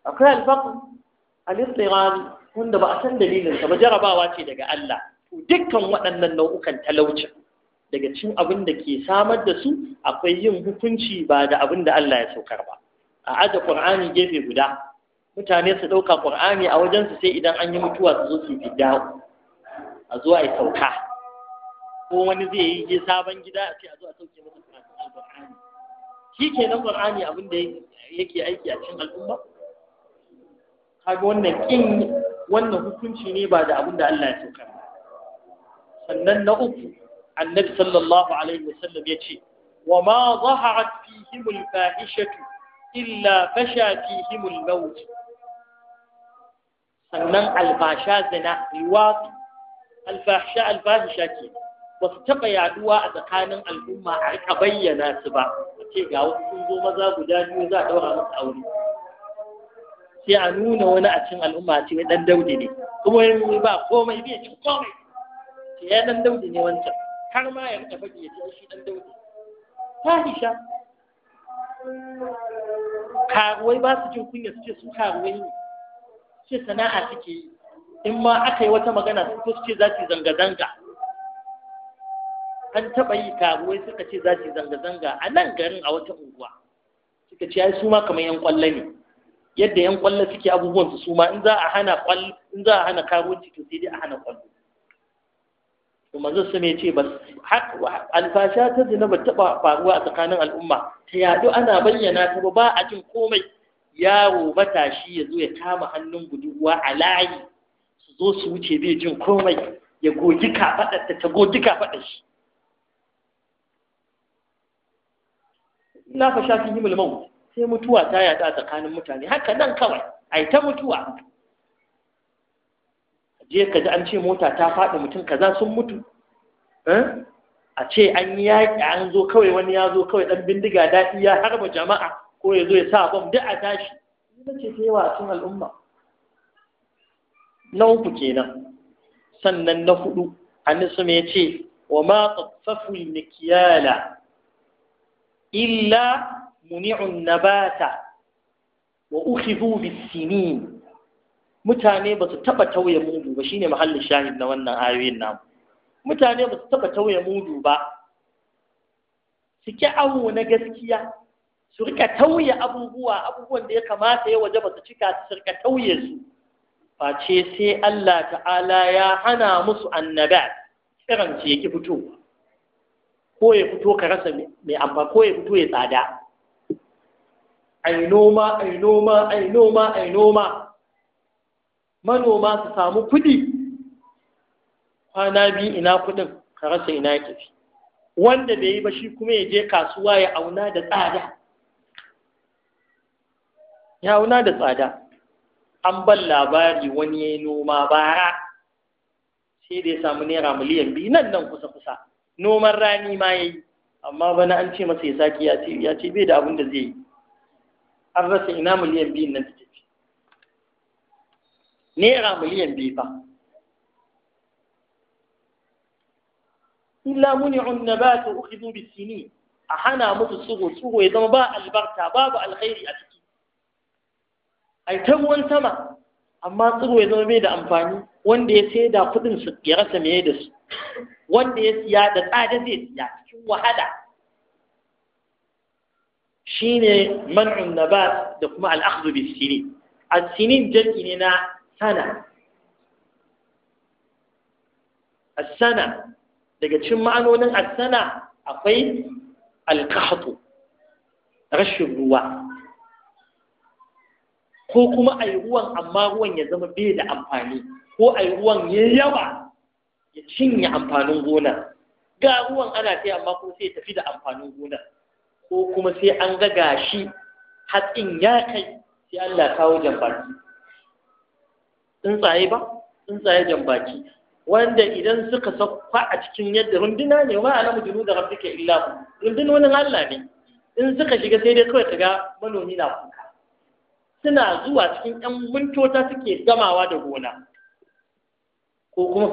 akwai alfaqru al-istighan wanda ba a san dalilin sa ba jarabawa ce daga Allah to dukkan waɗannan nau'ukan talauci daga cin abin da ke samar da su akwai yin hukunci ba da abin da Allah ya saukar ba a aje Qur'ani gefe guda mutane su ɗauka Qur'ani a wajen su sai idan an yi mutuwa su zo su fidda a zo ai sauka ko wani zai yi je sabon gida a ce a zo a sauke masa Qur'ani shi kenan Qur'ani abin da yake aiki a cikin al'umma kaga wannan kin wannan hukunci ne ba da abin da Allah ya saukar sannan na uku annabi sallallahu alaihi wasallam ya ce wa ma zaharat fihim al-fahishatu illa fasha fihim al-maut sannan alfasha zina riwat alfasha alfahisha ke ba su taɓa yaduwa a tsakanin al'umma a rika bayyana su ba a ce ga wasu sun zo maza guda biyu za a ɗaura musu aure sai a nuna wani a cin al'umma ce mai dan daudi ne kuma yi ba komai bai cin komai sai ya dan daudi ne wancan har ma ya rika fage ya ce shi dan daudi fahisha karuwai ba su jin kunya su ce su karuwai ne ce sana'a suke yi in ma aka yi wata magana su ko su ce za su zanga-zanga an taɓa yi karuwai suka ce za su zanga-zanga a nan garin a wata unguwa suka ce ai su ma kamar yan kwallo ne yadda yan kwallo suke abubuwan su ma in za a hana kwallo in za a hana karuwanci to sai dai a hana kwallo to manzo su me ce bas alfasha ta zina ba taba faruwa a tsakanin al'umma ta yadu ana bayyana ta ba a jin komai yaro matashi ya zo ya kama hannun budurwa a layi su zo su wuce bai jin komai ya gogi kafaɗarta ta gogi kafaɗar shi na fa shafi himul maut sai mutuwa ta yada tsakanin mutane haka nan kawai ai ta mutuwa je ka ji an ce mota ta faɗi mutum kaza sun mutu eh? a ce an yi an zo kawai wani ya zo kawai ɗan bindiga daɗi ya harba jama'a ko ya zo ya sa bam duk a tashi ina ce ta yawa a al'umma na uku kenan sannan na hudu annisu ya ce wa ma tsaffafu nikiyala illa muni'un nabata wa ukhidhu bis-sinin mutane ba su taba tauye mudu ba shine mahallin shahid na wannan ayoyin namu mutane ba su taba tauye mudu ba suke awu na gaskiya su rika tauye abubuwa abubuwan da ya kamata ya waje ba su cika su rika tauye su face sai Allah ta'ala ya hana musu annaba kiran ce yake fito ko ya fito ka rasa mai amfa ko ya fito ya tsada ai noma ai noma ai noma ai noma manoma su samu kudi. kwana biyu ina kudin ka rasa ina ya tafi wanda bai yi ba shi kuma ya je kasuwa ya auna da tsada ya auna da tsada an ban labari wani ya yi noma bara sai da ya samu naira miliyan biyu nan nan kusa kusa noman rani ma ya yi amma bana an ce masa ya sake ya ce bai da abin da zai yi an rasa ina miliyan biyun nan da tafi naira miliyan biyu na illa ta nabatu ukhidhu sini a hana musu tsugo tsugo ya zama ba albarka babu alkhairi a ciki ai ta ruwan sama amma tsugo ya zama bai da amfani wanda ya sai da kudin su ya rasa mai da su wanda ya siya da tsada zai siya cikin wahala shine man'un nabat da kuma al-akhdhu bis-sinin as-sinin ne na sana as-sana daga cikin ma'anonin as-sana akwai al rashin ruwa ko kuma a yi ruwan amma ruwan ya zama bai da amfani ko a yi ruwan ya yawa ya cinye amfanin gona ga ruwan ana sai amma ko sai tafi da amfanin gona ko kuma sai an ga gashi hatsin ya kai sai Allah kawo jambaki tsuntsaye ba tsuntsaye jambaki wanda idan suka sakwa a cikin yadda runduna ne wa alamu junu da rabbika illa hu rundunonin Allah ne in suka shiga sai dai kawai kaga manomi na kuka suna zuwa cikin yan mintota suke gamawa da gona ko kuma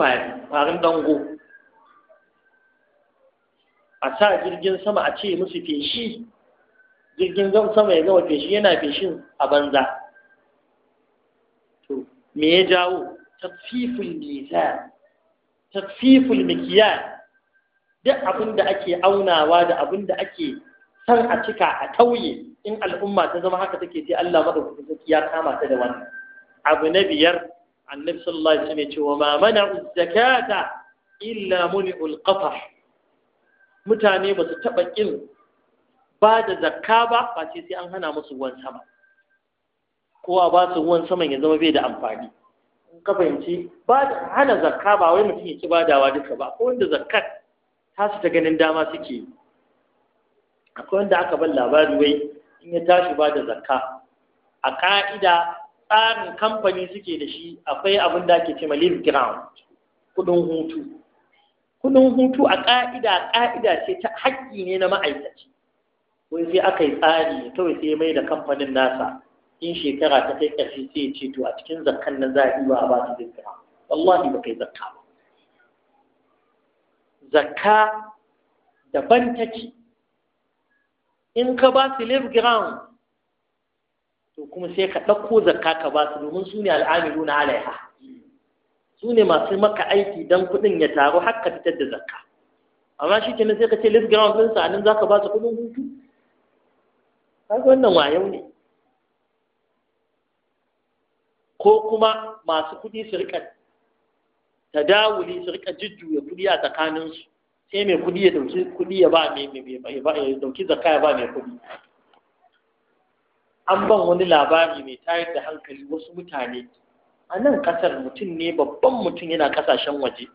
farin dango a sa jirgin sama a ce musu feshi jirgin sama ya gama feshi yana feshin a banza to me ya jawo tafiful mizan duk abin da ake aunawa da abin da ake san a cika a tauye in al'umma ta zama haka take ce Allah madaukakin sarki ya kama ta da wannan abu na biyar annabi sallallahu alaihi wasallam ya ce wa ma mana'u zakata illa muni'ul qafah mutane ba su taɓa ƙin ba da zakka ba ba ce sai an hana musu ruwan sama kowa ba su ruwan sama ya zama bai da amfani in ka fahimci ba da hana zakka ba wai mutum ya ki badawa duka ba akwai wanda zakka ta su ta ganin dama suke yi akwai wanda aka bar labari wai in ya tashi ba da zakka a ka'ida tsarin kamfani suke da shi akwai abin da ake ce ma leave ground kudin hutu kudin hutu a ƙa'ida ƙa'ida ce ta haƙƙi ne na ma'aikaci wai sai aka yi tsari kawai sai mai da kamfanin nasa in shekara ta kai ƙarfi sai ce to a cikin zakkan na za a ba a ba su zakka wallahi ba kai zakka ba zakka daban ce. in ka ba su live ground to kuma sai ka ɗauko zakka ka ba su domin su ne al'amilu na alaiha su ne masu maka aiki don kuɗin ya taru har ka fitar da zakka amma shi kenan sai ka ce list ground ɗin sa nan zaka ba su kuɗin hutu kaga wannan wayo ne ko kuma masu kuɗi su rika tadawuli su rika jujjuya kuɗi a tsakaninsu sai mai kuɗi ya dauki kuɗi ya ba mai ya dauki zakka ya ba mai kuɗi an ban wani labari mai tayar da hankali wasu mutane a nan ƙasar mutum ne babban mutum yana ƙasashen waje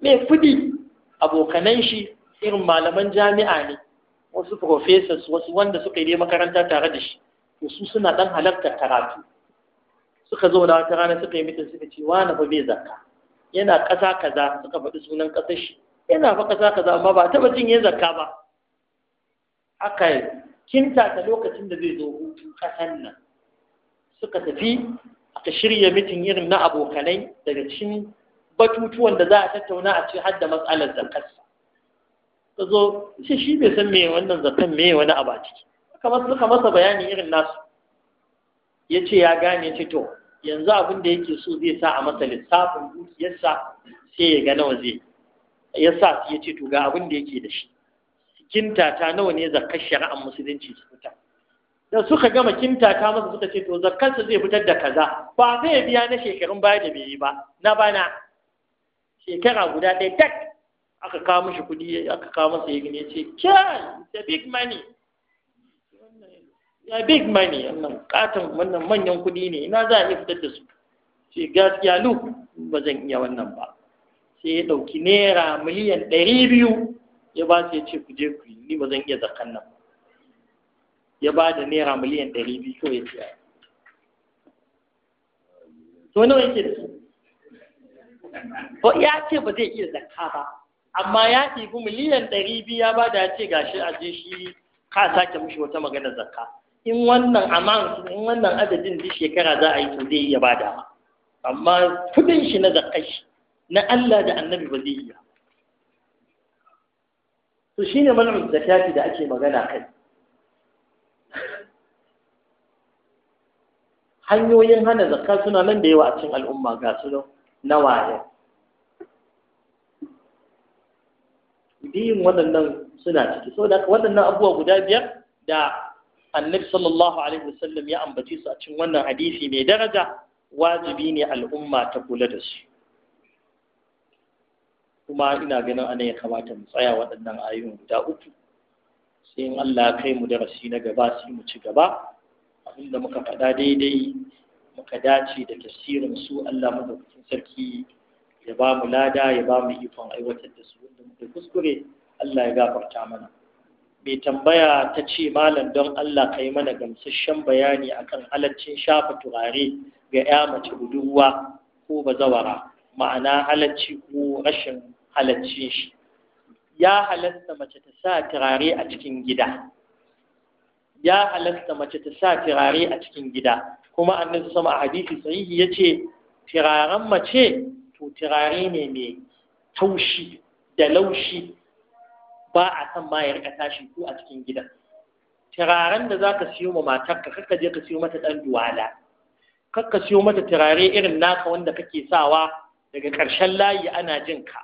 mai kuɗi abokanan shi irin malaman jami'a ne wasu professors wasu wanda suka yi makaranta tare da shi to su suna ɗan halartar karatu suka zauna wata rana suka yi mutum suka ce wani fa bai zakka yana ƙasa kaza suka faɗi sunan ƙasar shi yana fa ƙasa kaza amma ba taɓa jin yin zakka ba aka kinta ta lokacin da zai zo hutun ƙasar nan suka tafi aka shirya mitin irin na abokanai daga cikin batutuwan da za a tattauna a ce har da matsalar zakarsa ta zo shi shi bai san me wannan zakan me wani abu a ciki suka masa bayani irin nasu ya ce ya gane ce to yanzu abin da yake so zai sa a masa lissafin dukiyarsa sai ya ga nawa zai ya sa ya ce to ga abin da yake da shi cikin ta nawa ne zakar shari'ar musulunci su fita da suka gama kinta masa suka ce to zakkarsa zai fitar da kaza ba zai biya na shekarun baya da bai yi ba na bana shekara guda ɗaya tak aka kawo mishi kuɗi aka kawo masa ya gine ya ce kyal Da big money ya big money wannan katon wannan manyan kuɗi ne ina za a iya fitar da su ce gaskiya lu ba zan iya wannan ba sai ya ɗauki naira miliyan ɗari biyu ya ba su ya ce ku je ku yi ni ba zan iya zakan nan ya ba da naira miliyan ɗari biyu kawai ya siya to nawa yake da su ba ya ce ba zai iya zakka ba amma ya ɗibi miliyan ɗari biyu ya ba da ya ce gashi a je shi ka sake mishi wata magana zakka in wannan amount in wannan adadin duk shekara za a yi to zai iya ba da amma kudin shi na zakkar shi na Allah da annabi ba zai iya to shine man'u zakati da ake magana kai hanyoyin hana zakka suna nan da yawa a cikin al'umma ga su nan na waye biyun suna ciki so da waɗannan abubuwa guda biyar da annabi sallallahu alaihi wasallam ya ambace su a cikin wannan hadisi mai daraja wajibi ne al'umma ta kula da su kuma ina ganin ana ya kamata mu tsaya waɗannan ayoyin guda uku sai in Allah ya kai mu darasi na gaba sai mu ci gaba abinda muka faɗa daidai muka dace da tafsirin su Allah madaukakin sarki ya ba mu lada ya ba mu ikon aiwatar da su wanda muka kuskure Allah ya gafarta mana mai tambaya ta ce malam don Allah kai mana gamsasshen bayani akan halaccin shafa turare ga ya mace budurwa ko bazawara ma'ana halacci ko rashin halaccin shi ya halatta mace ta sa turare a cikin gida ya halatta mace ta sa tirare a cikin gida kuma annabi sama a hadisi sahihi ce, tiraren mace to tirare ne mai taushi da laushi ba a san ma ya tashi ko a cikin gida turaren da zaka siyo ma matarka kakka je ka siyo mata dan duwala kakka siyo mata tirare irin naka wanda kake sawa daga ƙarshen layi ana jinka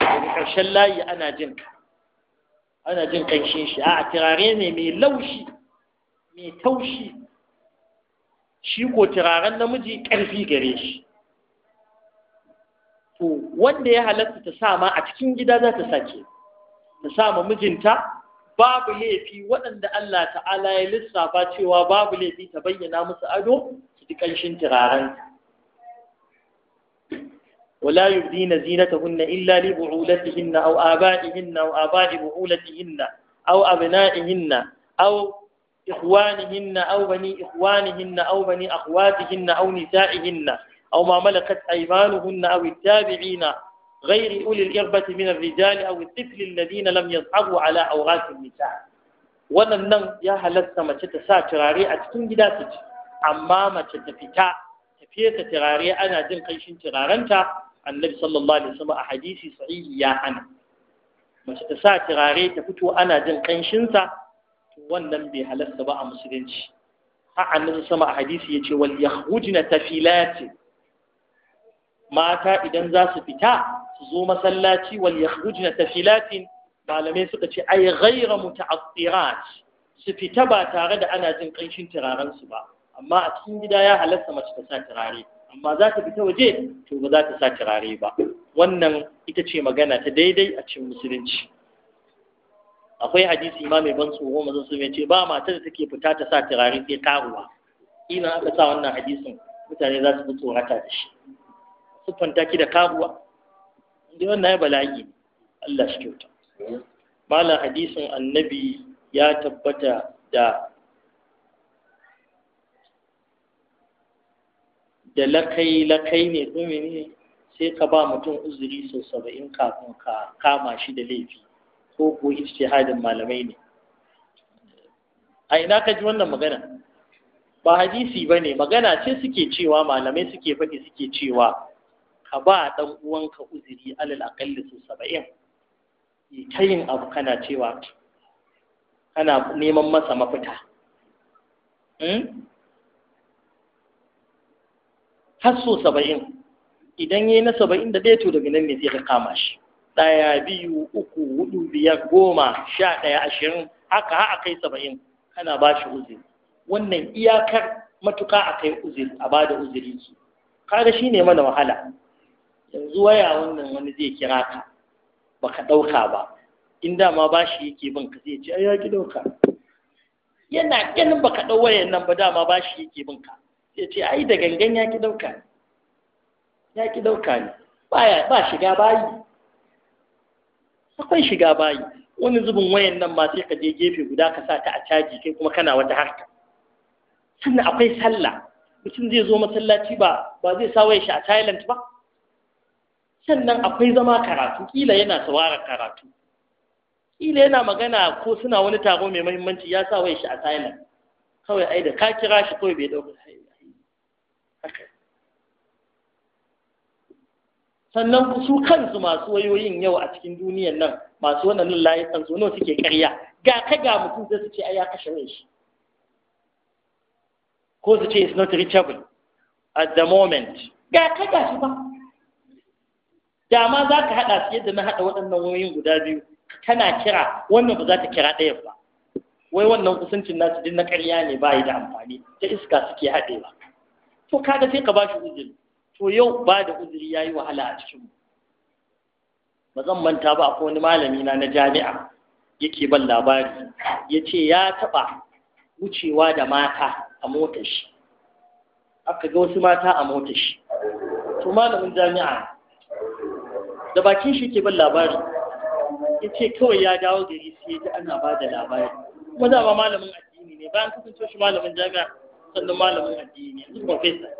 daga ƙarshen layi ana jinka ana jin ƙanshin shi a turare ne mai laushi mai taushi shi ko turaren namiji ƙarfi gare shi to wanda ya halatta ta sama a cikin gida za ta sake ta sama mijinta babu laifi waɗanda Allah ta'ala ya lissafa cewa babu laifi ta bayyana musu ado su ji ƙanshin turarenta ولا يبدين زينتهن إلا لبعولتهن أو آبائهن أو آباء بعولتهن أو أبنائهن أو إخوانهن أو بني إخوانهن أو بني أخواتهن أو نسائهن أو ما ملكت أيمانهن أو التابعين غير أولي الإربة من الرجال أو الطفل الذين لم يصعبوا على أوغات النساء wannan ya halatta mace ta sa turare a cikin gida ta ci amma mace ta fita ta fesa turare ana jin ƙanshin turarenta annabi sallallahu alaihi wasallam a hadisi sahihi ya hana mace ta sa turare ta fito ana jin kanshinsa wannan bai halasta ba a musulunci har annabi sama a hadisi yace wal yakhrujna tafilati mata idan za su fita su zo masallaci wal yakhrujna tafilatin malamai suka ce ai ghaira muta'attirat su fita ba tare da ana jin kanshin turaren su ba amma a cikin gida ya halasta mace ta sa turare amma za ta fita waje to ba za ta sa turare ba wannan ita ce magana ta daidai a cikin musulunci akwai hadisi ma mai ban tsoro mazan su ce ba matar da take fita ta sa turare sai ruwa ina aka sa wannan hadisin mutane za su fi tsorata da shi siffanta ki da karuwa inda wannan ya bala'i Allah shi kyauta malam hadisin annabi ya tabbata da da lakai lakai ne ko ne sai ka ba mutum uzuri sau saba'in kafin ka kama shi da laifi ko ko ijtihadin malamai ne a ina ka ji wannan magana ba hadisi ba ne magana ce suke cewa malamai suke faɗi suke cewa ka ba ɗan uwanka uzuri alal aƙalli sau saba'in ta yin abu kana cewa kana neman masa mafita hmm? har so saba'in idan ya yi na saba'in da ɗaya to daga nan ne zai kama shi ɗaya biyu uku hudu biyar goma sha ɗaya ashirin haka har akai saba'in ana ba shi uzuri wannan iyakar matuka akai uzuri a ba da uzuri ki kaga shi ne mana wahala yanzu waya wannan wani zai kira ka baka ɗauka ba in dama ba shi yake bin ka zai ce ai ya ki ɗauka yana ganin baka ɗau wayan nan ba dama ba shi yake bin ka ya ce ai da gangan ya ki ɗauka ya ki ɗauka ne ba shiga bayi akwai shiga bayi wani zubin wayan nan ma sai ka je gefe guda ka sa ta a caji kai kuma kana wata harka sannan akwai sallah mutum zai zo masallaci ba ba zai sa waya shi a Thailand ba sannan akwai zama karatu kila yana sauraron karatu kila yana magana ko suna wani taro mai muhimmanci ya sa waya shi a Thailand, kawai ai da ka kira shi kawai bai dauka sai sannan su kansu masu wayoyin yau a cikin duniyan nan masu wannan layukan su nawa suke karya ga ka ga mutum zai su ce ai ya kashe mai shi ko su ce it's not reachable at the moment ga ka ga shi ba dama za ka haɗa su yadda na haɗa waɗannan wayoyin guda biyu kana kira wannan ba za ta kira ɗayan ba wai wannan kusancin nasu din na ƙarya ne ba yi da amfani ta iska suke haɗewa to kaga sai ka ba shi uzuri to yau ba da uzuri yayi wahala a cikin mu ba zan manta ba akwai wani malami na na jami'a yake ban labari yace ya taba wucewa da mata a motar shi aka ga wasu mata a motar shi to malamin jami'a da bakin shi ke ban labari ya ce kawai ya dawo gari sai ya ji ana ba da labari kuma dama malamin addini ne bayan kasancewa shi malamin jami'a sannan malamin addini yanzu profesa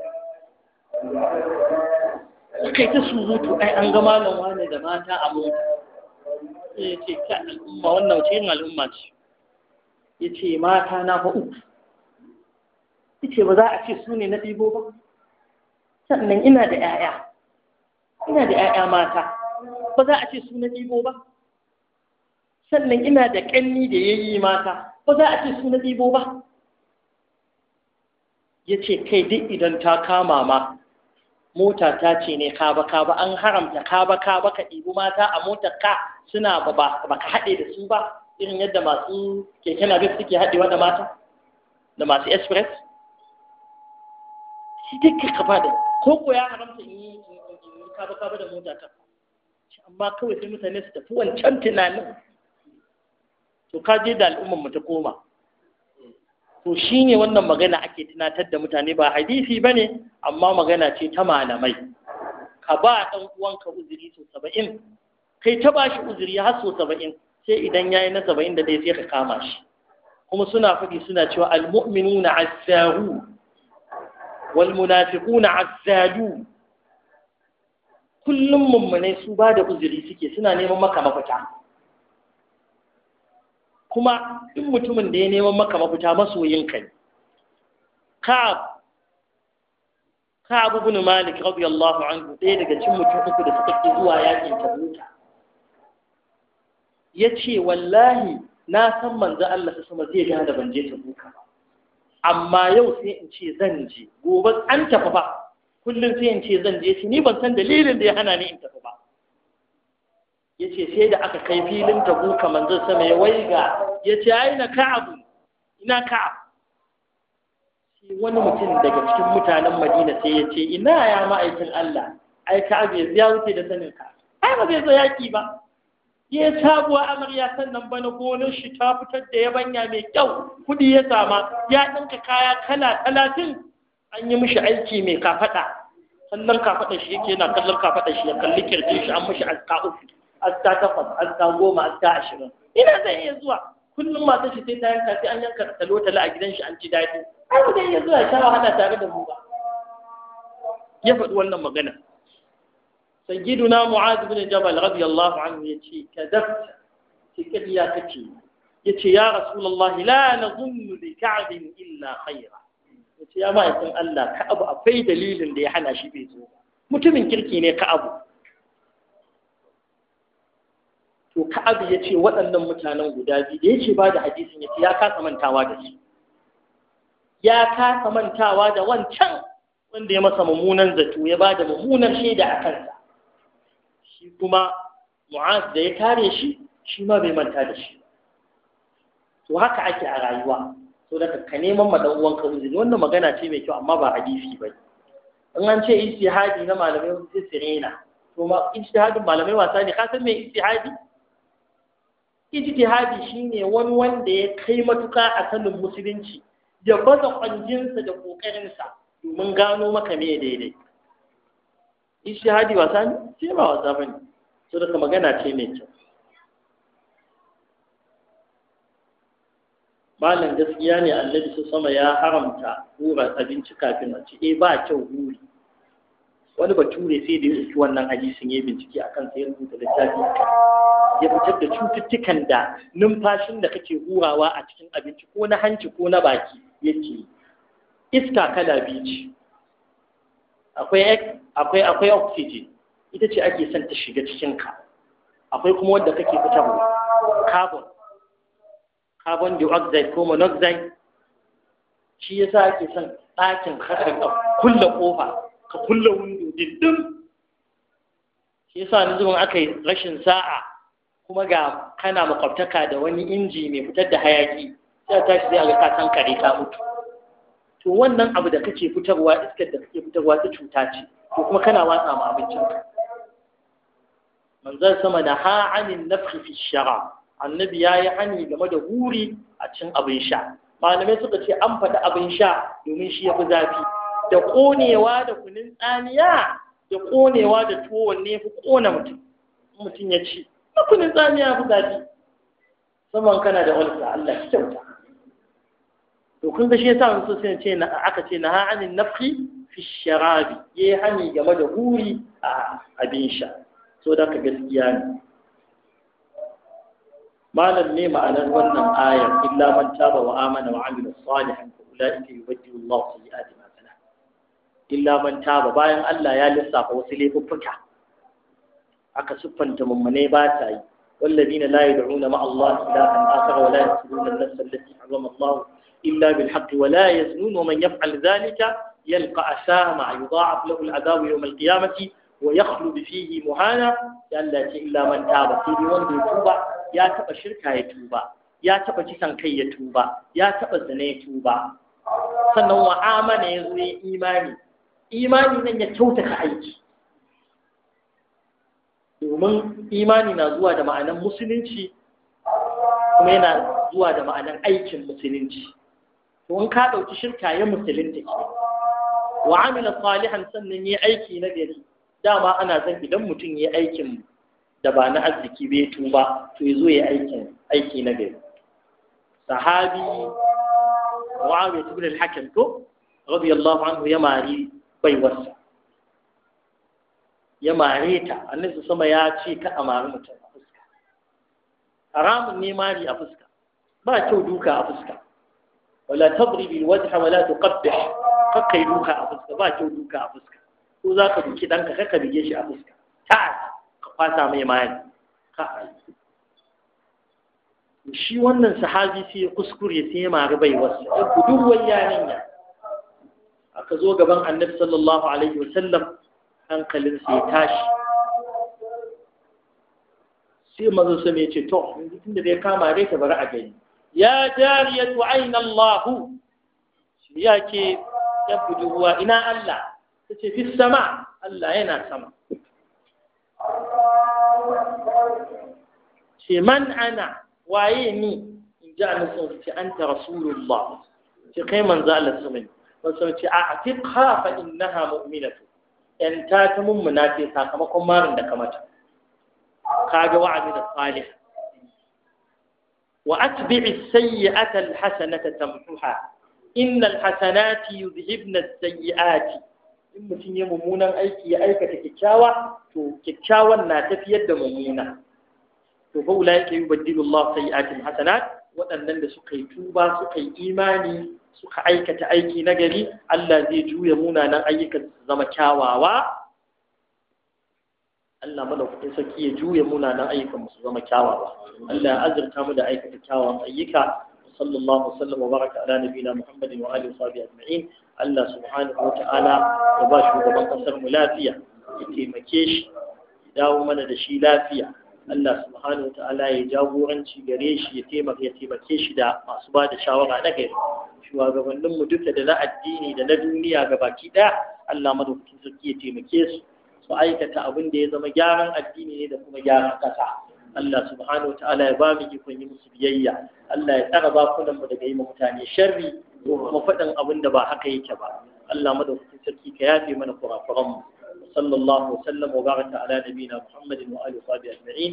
kai ta surutu ai an ga malam wani da mata a mota ya ce ta al'umma wannan ce yin al'umma ce ya ce mata na fa uku ya ce ba za a ce su ne na ɗibo ba sannan ina da 'ya'ya ina da 'ya'ya mata ba za a ce su na ɗibo ba sannan ina da ƙanni da yayi mata ba za a ce su na ɗibo ba ya ce kai duk idan ta kama ma mota ta ce ne kaba kaba an haramta kaba kaba ka ɗibu mata a motar ka suna ba ka haɗe da su ba irin yadda masu keke na suke haɗewa da mata da masu express shi duk ka ba da ko ko ya haramta in yi kaba kaba da mota ka, amma kawai sai mutane su tafi wancan tunanin to ka je da al'ummar mu ta koma to ne wannan magana ake tunatar da mutane ba hadisi ne, amma magana ce ta malamai ka ba ɗan uwanka uzuri so 70 kai ta bashi uzuri har so saba'in sai idan yayi na saba'in da dai sai ka kama shi kuma suna faɗi suna cewa na azzaru wal na azzadu kullum mummunai su ba da uzuri suke suna neman maka mafita kuma in mutumin da ya neman maka mafita masoyinka ne Ka abu! bin malik radiyallahu anhu ɗaya daga cin mutum uku da suka ke zuwa yakin tabuta ce wallahi na san manzo Allah sama zai gane ban je tabuka ba amma yau sai in ce zan je gobe an tafi ba kullum sai in ce zan je shi ni ban san dalilin da ya hana ni in tafi ba ya sai da aka kai filin tabu kamar zai sama ya waiga ya ce aina ka ka'abu ina ka'abu shi wani mutum daga cikin mutanen madina sai ya ina ya ma'aikin Allah ai ka'abu ya wuce da sanin ka ai ba zai zo yaki ba ya sabuwa amarya sannan bana gonar shi ta fitar da yabanya mai kyau kuɗi ya sama ya ɗinka kaya kala talatin an yi mishi aiki mai kafaɗa kallon kafaɗa shi yake yana kallon kafaɗa shi ya kalli kirje shi an mishi alƙa'u aska takwas aska goma aska ashirin ina zai iya zuwa kullum masu shi sai ta yanka sai an yanka talo talo a gidan shi an ci daɗi ai zai iya zuwa ya hana tare da mu ba ya faɗi wannan magana sayyiduna mu'az bin jabal radiyallahu anhu yace kadafta cikin ya kace yace ya rasulullahi la nazunnu li ka'bin illa khaira yace ya ma'aikin Allah ka'abu akwai dalilin da ya hana shi bai zo mutumin kirki ne ka'abu to ka'ab ya ce waɗannan mutanen guda biyu da ya ce ba da hadisin ya ce ya kasa mantawa da su ya kasa mantawa da wancan wanda ya masa mummunan zato ya ba da mummunar shaida a kansa shi kuma mu'az da ya kare shi shi ma bai manta da shi to haka ake a rayuwa to da ka neman ma dan uwanka uzuri wannan magana ce mai kyau amma ba hadisi ba in an ce istihadi na malamai sai sirena to ma istihadin malamai wasa ne ka san me ijtihadi shine wani wanda ya kai matuka a sanin musulunci ya baza kwanjinsa da kokarinsa domin gano maka me daidai ijtihadi wasa ne ce ba wasa ne, so daga magana ce mai kyau malam gaskiya ne annabi su sama ya haramta hura abinci kafin a ce eh, ba kyau huri wani bature sai da ya wannan hadisin ya bincike akan sai ya rubuta littafi ya fitar da cututtukan da numfashin da kake hurawa a cikin abinci ko na hanci ko na baki yake iska kala biyu ce akwai akwai akwai oxygen ita ce ake son ta shiga cikin ka akwai kuma wanda kake fitarwa carbon carbon dioxide ko monoxide shi yasa ake son ɗakin haka ka kulle kofa ka kulle windo din shi yasa ni zuwan aka yi rashin sa'a kuma ga kana makwabtaka da wani inji mai fitar da hayaki sai tashi zai ga ka san kare ka mutu to wannan abu da kake fitarwa iskar da kake fitarwa ta cuta ce To kuma kana watsa ma abincin manzon sama da ha anin nafsi fi shara annabi yayi hani game da huri a cin abin sha malamai suka ce an faɗi abin sha domin shi yafi zafi da ƙonewa da kunin tsaniya da konewa da tuwo ne fi kona mutum mutum ya ce. na kunin tsamiya fi zafi saman kana da ulsa Allah shi kyauta to kun ga shi yasa mun so ce na aka ce na ha'anin nafhi fi sharabi yayi hani game da huri a abin sha so da ka gaskiya ne malam ne ma'anar wannan ayar illa man taba wa amana wa amila salihan fa ulaika yubaddilu Allahu sayyi'atihim hasana illa man taba bayan Allah ya lissafa wasu laifuffuka aka siffanta mummune ba ta yi wallabi na layi da runa ma'allah ila an asara wa layi su runa nan sallafi a zama allahu illa bil haqqi wa layi su nuna man ya fa'al zalika yalqa a sama. za'af lahu al adawu yawm al qiyamati wa yakhlu bi fihi muhana ya illa man taba sai dai wanda ya tuba ya taba shirka ya tuba ya taba kisan kai ya tuba ya taba zina ya tuba sannan wa amana ya zo ya imani imani nan ya kyautata aiki domin imani na zuwa da ma'anan musulunci kuma yana zuwa da ma'anar aikin musulunci to ka ɗauki shirka ya musulunta ke wa amina salihan sannan yi aiki na gari dama ana zan idan mutum ya aikin da ba na arziki bai tuba to ya zo ya aikin aiki na gari sahabi muawiya ibn al-hakim to yallahu anhu ya mari baiwarsa ya mare ta annabi sama ya ce ka a mari mutum a fuska haramun ne mari a fuska ba kyau duka a fuska wala tadribi alwajha wala tuqabbih kakai duka a fuska ba kyau duka a fuska ko za ka duki danka kaka bige shi a fuska ta ka kwasa mai mari ka shi wannan sahabi sai ya kuskure sai ya mari bai wasu duk wani yanin ya aka zo gaban annabi sallallahu alaihi wasallam hankalin sai tashi sai manzo sai ya ce to tunda dai kama dai ka bari a gani ya jari jariyatu aina Allahu! ya ke ya budurwa ina Allah Ta tace fi sama Allah yana sama ce man ana waye ni in ji annabi sun ce an anta rasulullah ce kai manzo Allah sun ce a atiqha fa innaha mu'minatu yan ta ta mummuna ce sakamakon marin da ka ga kaga wa'azi da salih wa atbi'i sayyi'ata alhasanata tamhuha innal hasanati yudhibna as-sayyi'ati in mutum ya mummunan aiki ya aikata kyakkyawa to kyakkyawan na tafiyar da mummuna to fa ulai ka yubaddilu Allah sayyi'atin hasanat waɗannan da suka yi tuba suka yi imani suka aikata aiki na gari Allah zai juya munanan ayyukan zama kyawawa Allah malaukakin sarki ya juya munanan ayyukan su zama kyawawa Allah ya azurta mu da aikata kyawawan ayyuka sallallahu alaihi wa baraka ala nabiyina Muhammadin wa alihi wa ajma'in Allah subhanahu wa ta'ala ya ba shugaban kasar mu lafiya ya taimake shi ya dawo mana da shi lafiya Allah subhanahu wa ta'ala ya jagoranci gare shi ya taimake shi da masu ba da shawara na gari shugabanninmu duka da na addini da na duniya ga baki ɗaya Allah madaukakin sarki ya taimake su su aikata abin da ya zama gyaran addini ne da kuma gyaran ƙasa Allah subhanahu wa ta'ala ya ba mu ikon yi musu biyayya Allah ya tsara bakunan mu daga yi mutane sharri kuma faɗin abin da ba haka yake ba Allah madaukakin sarki ka yafe mana kurakuran mu sallallahu alaihi wa sallam wa baraka ala nabiyina Muhammadin wa alihi wa sahbihi ajma'in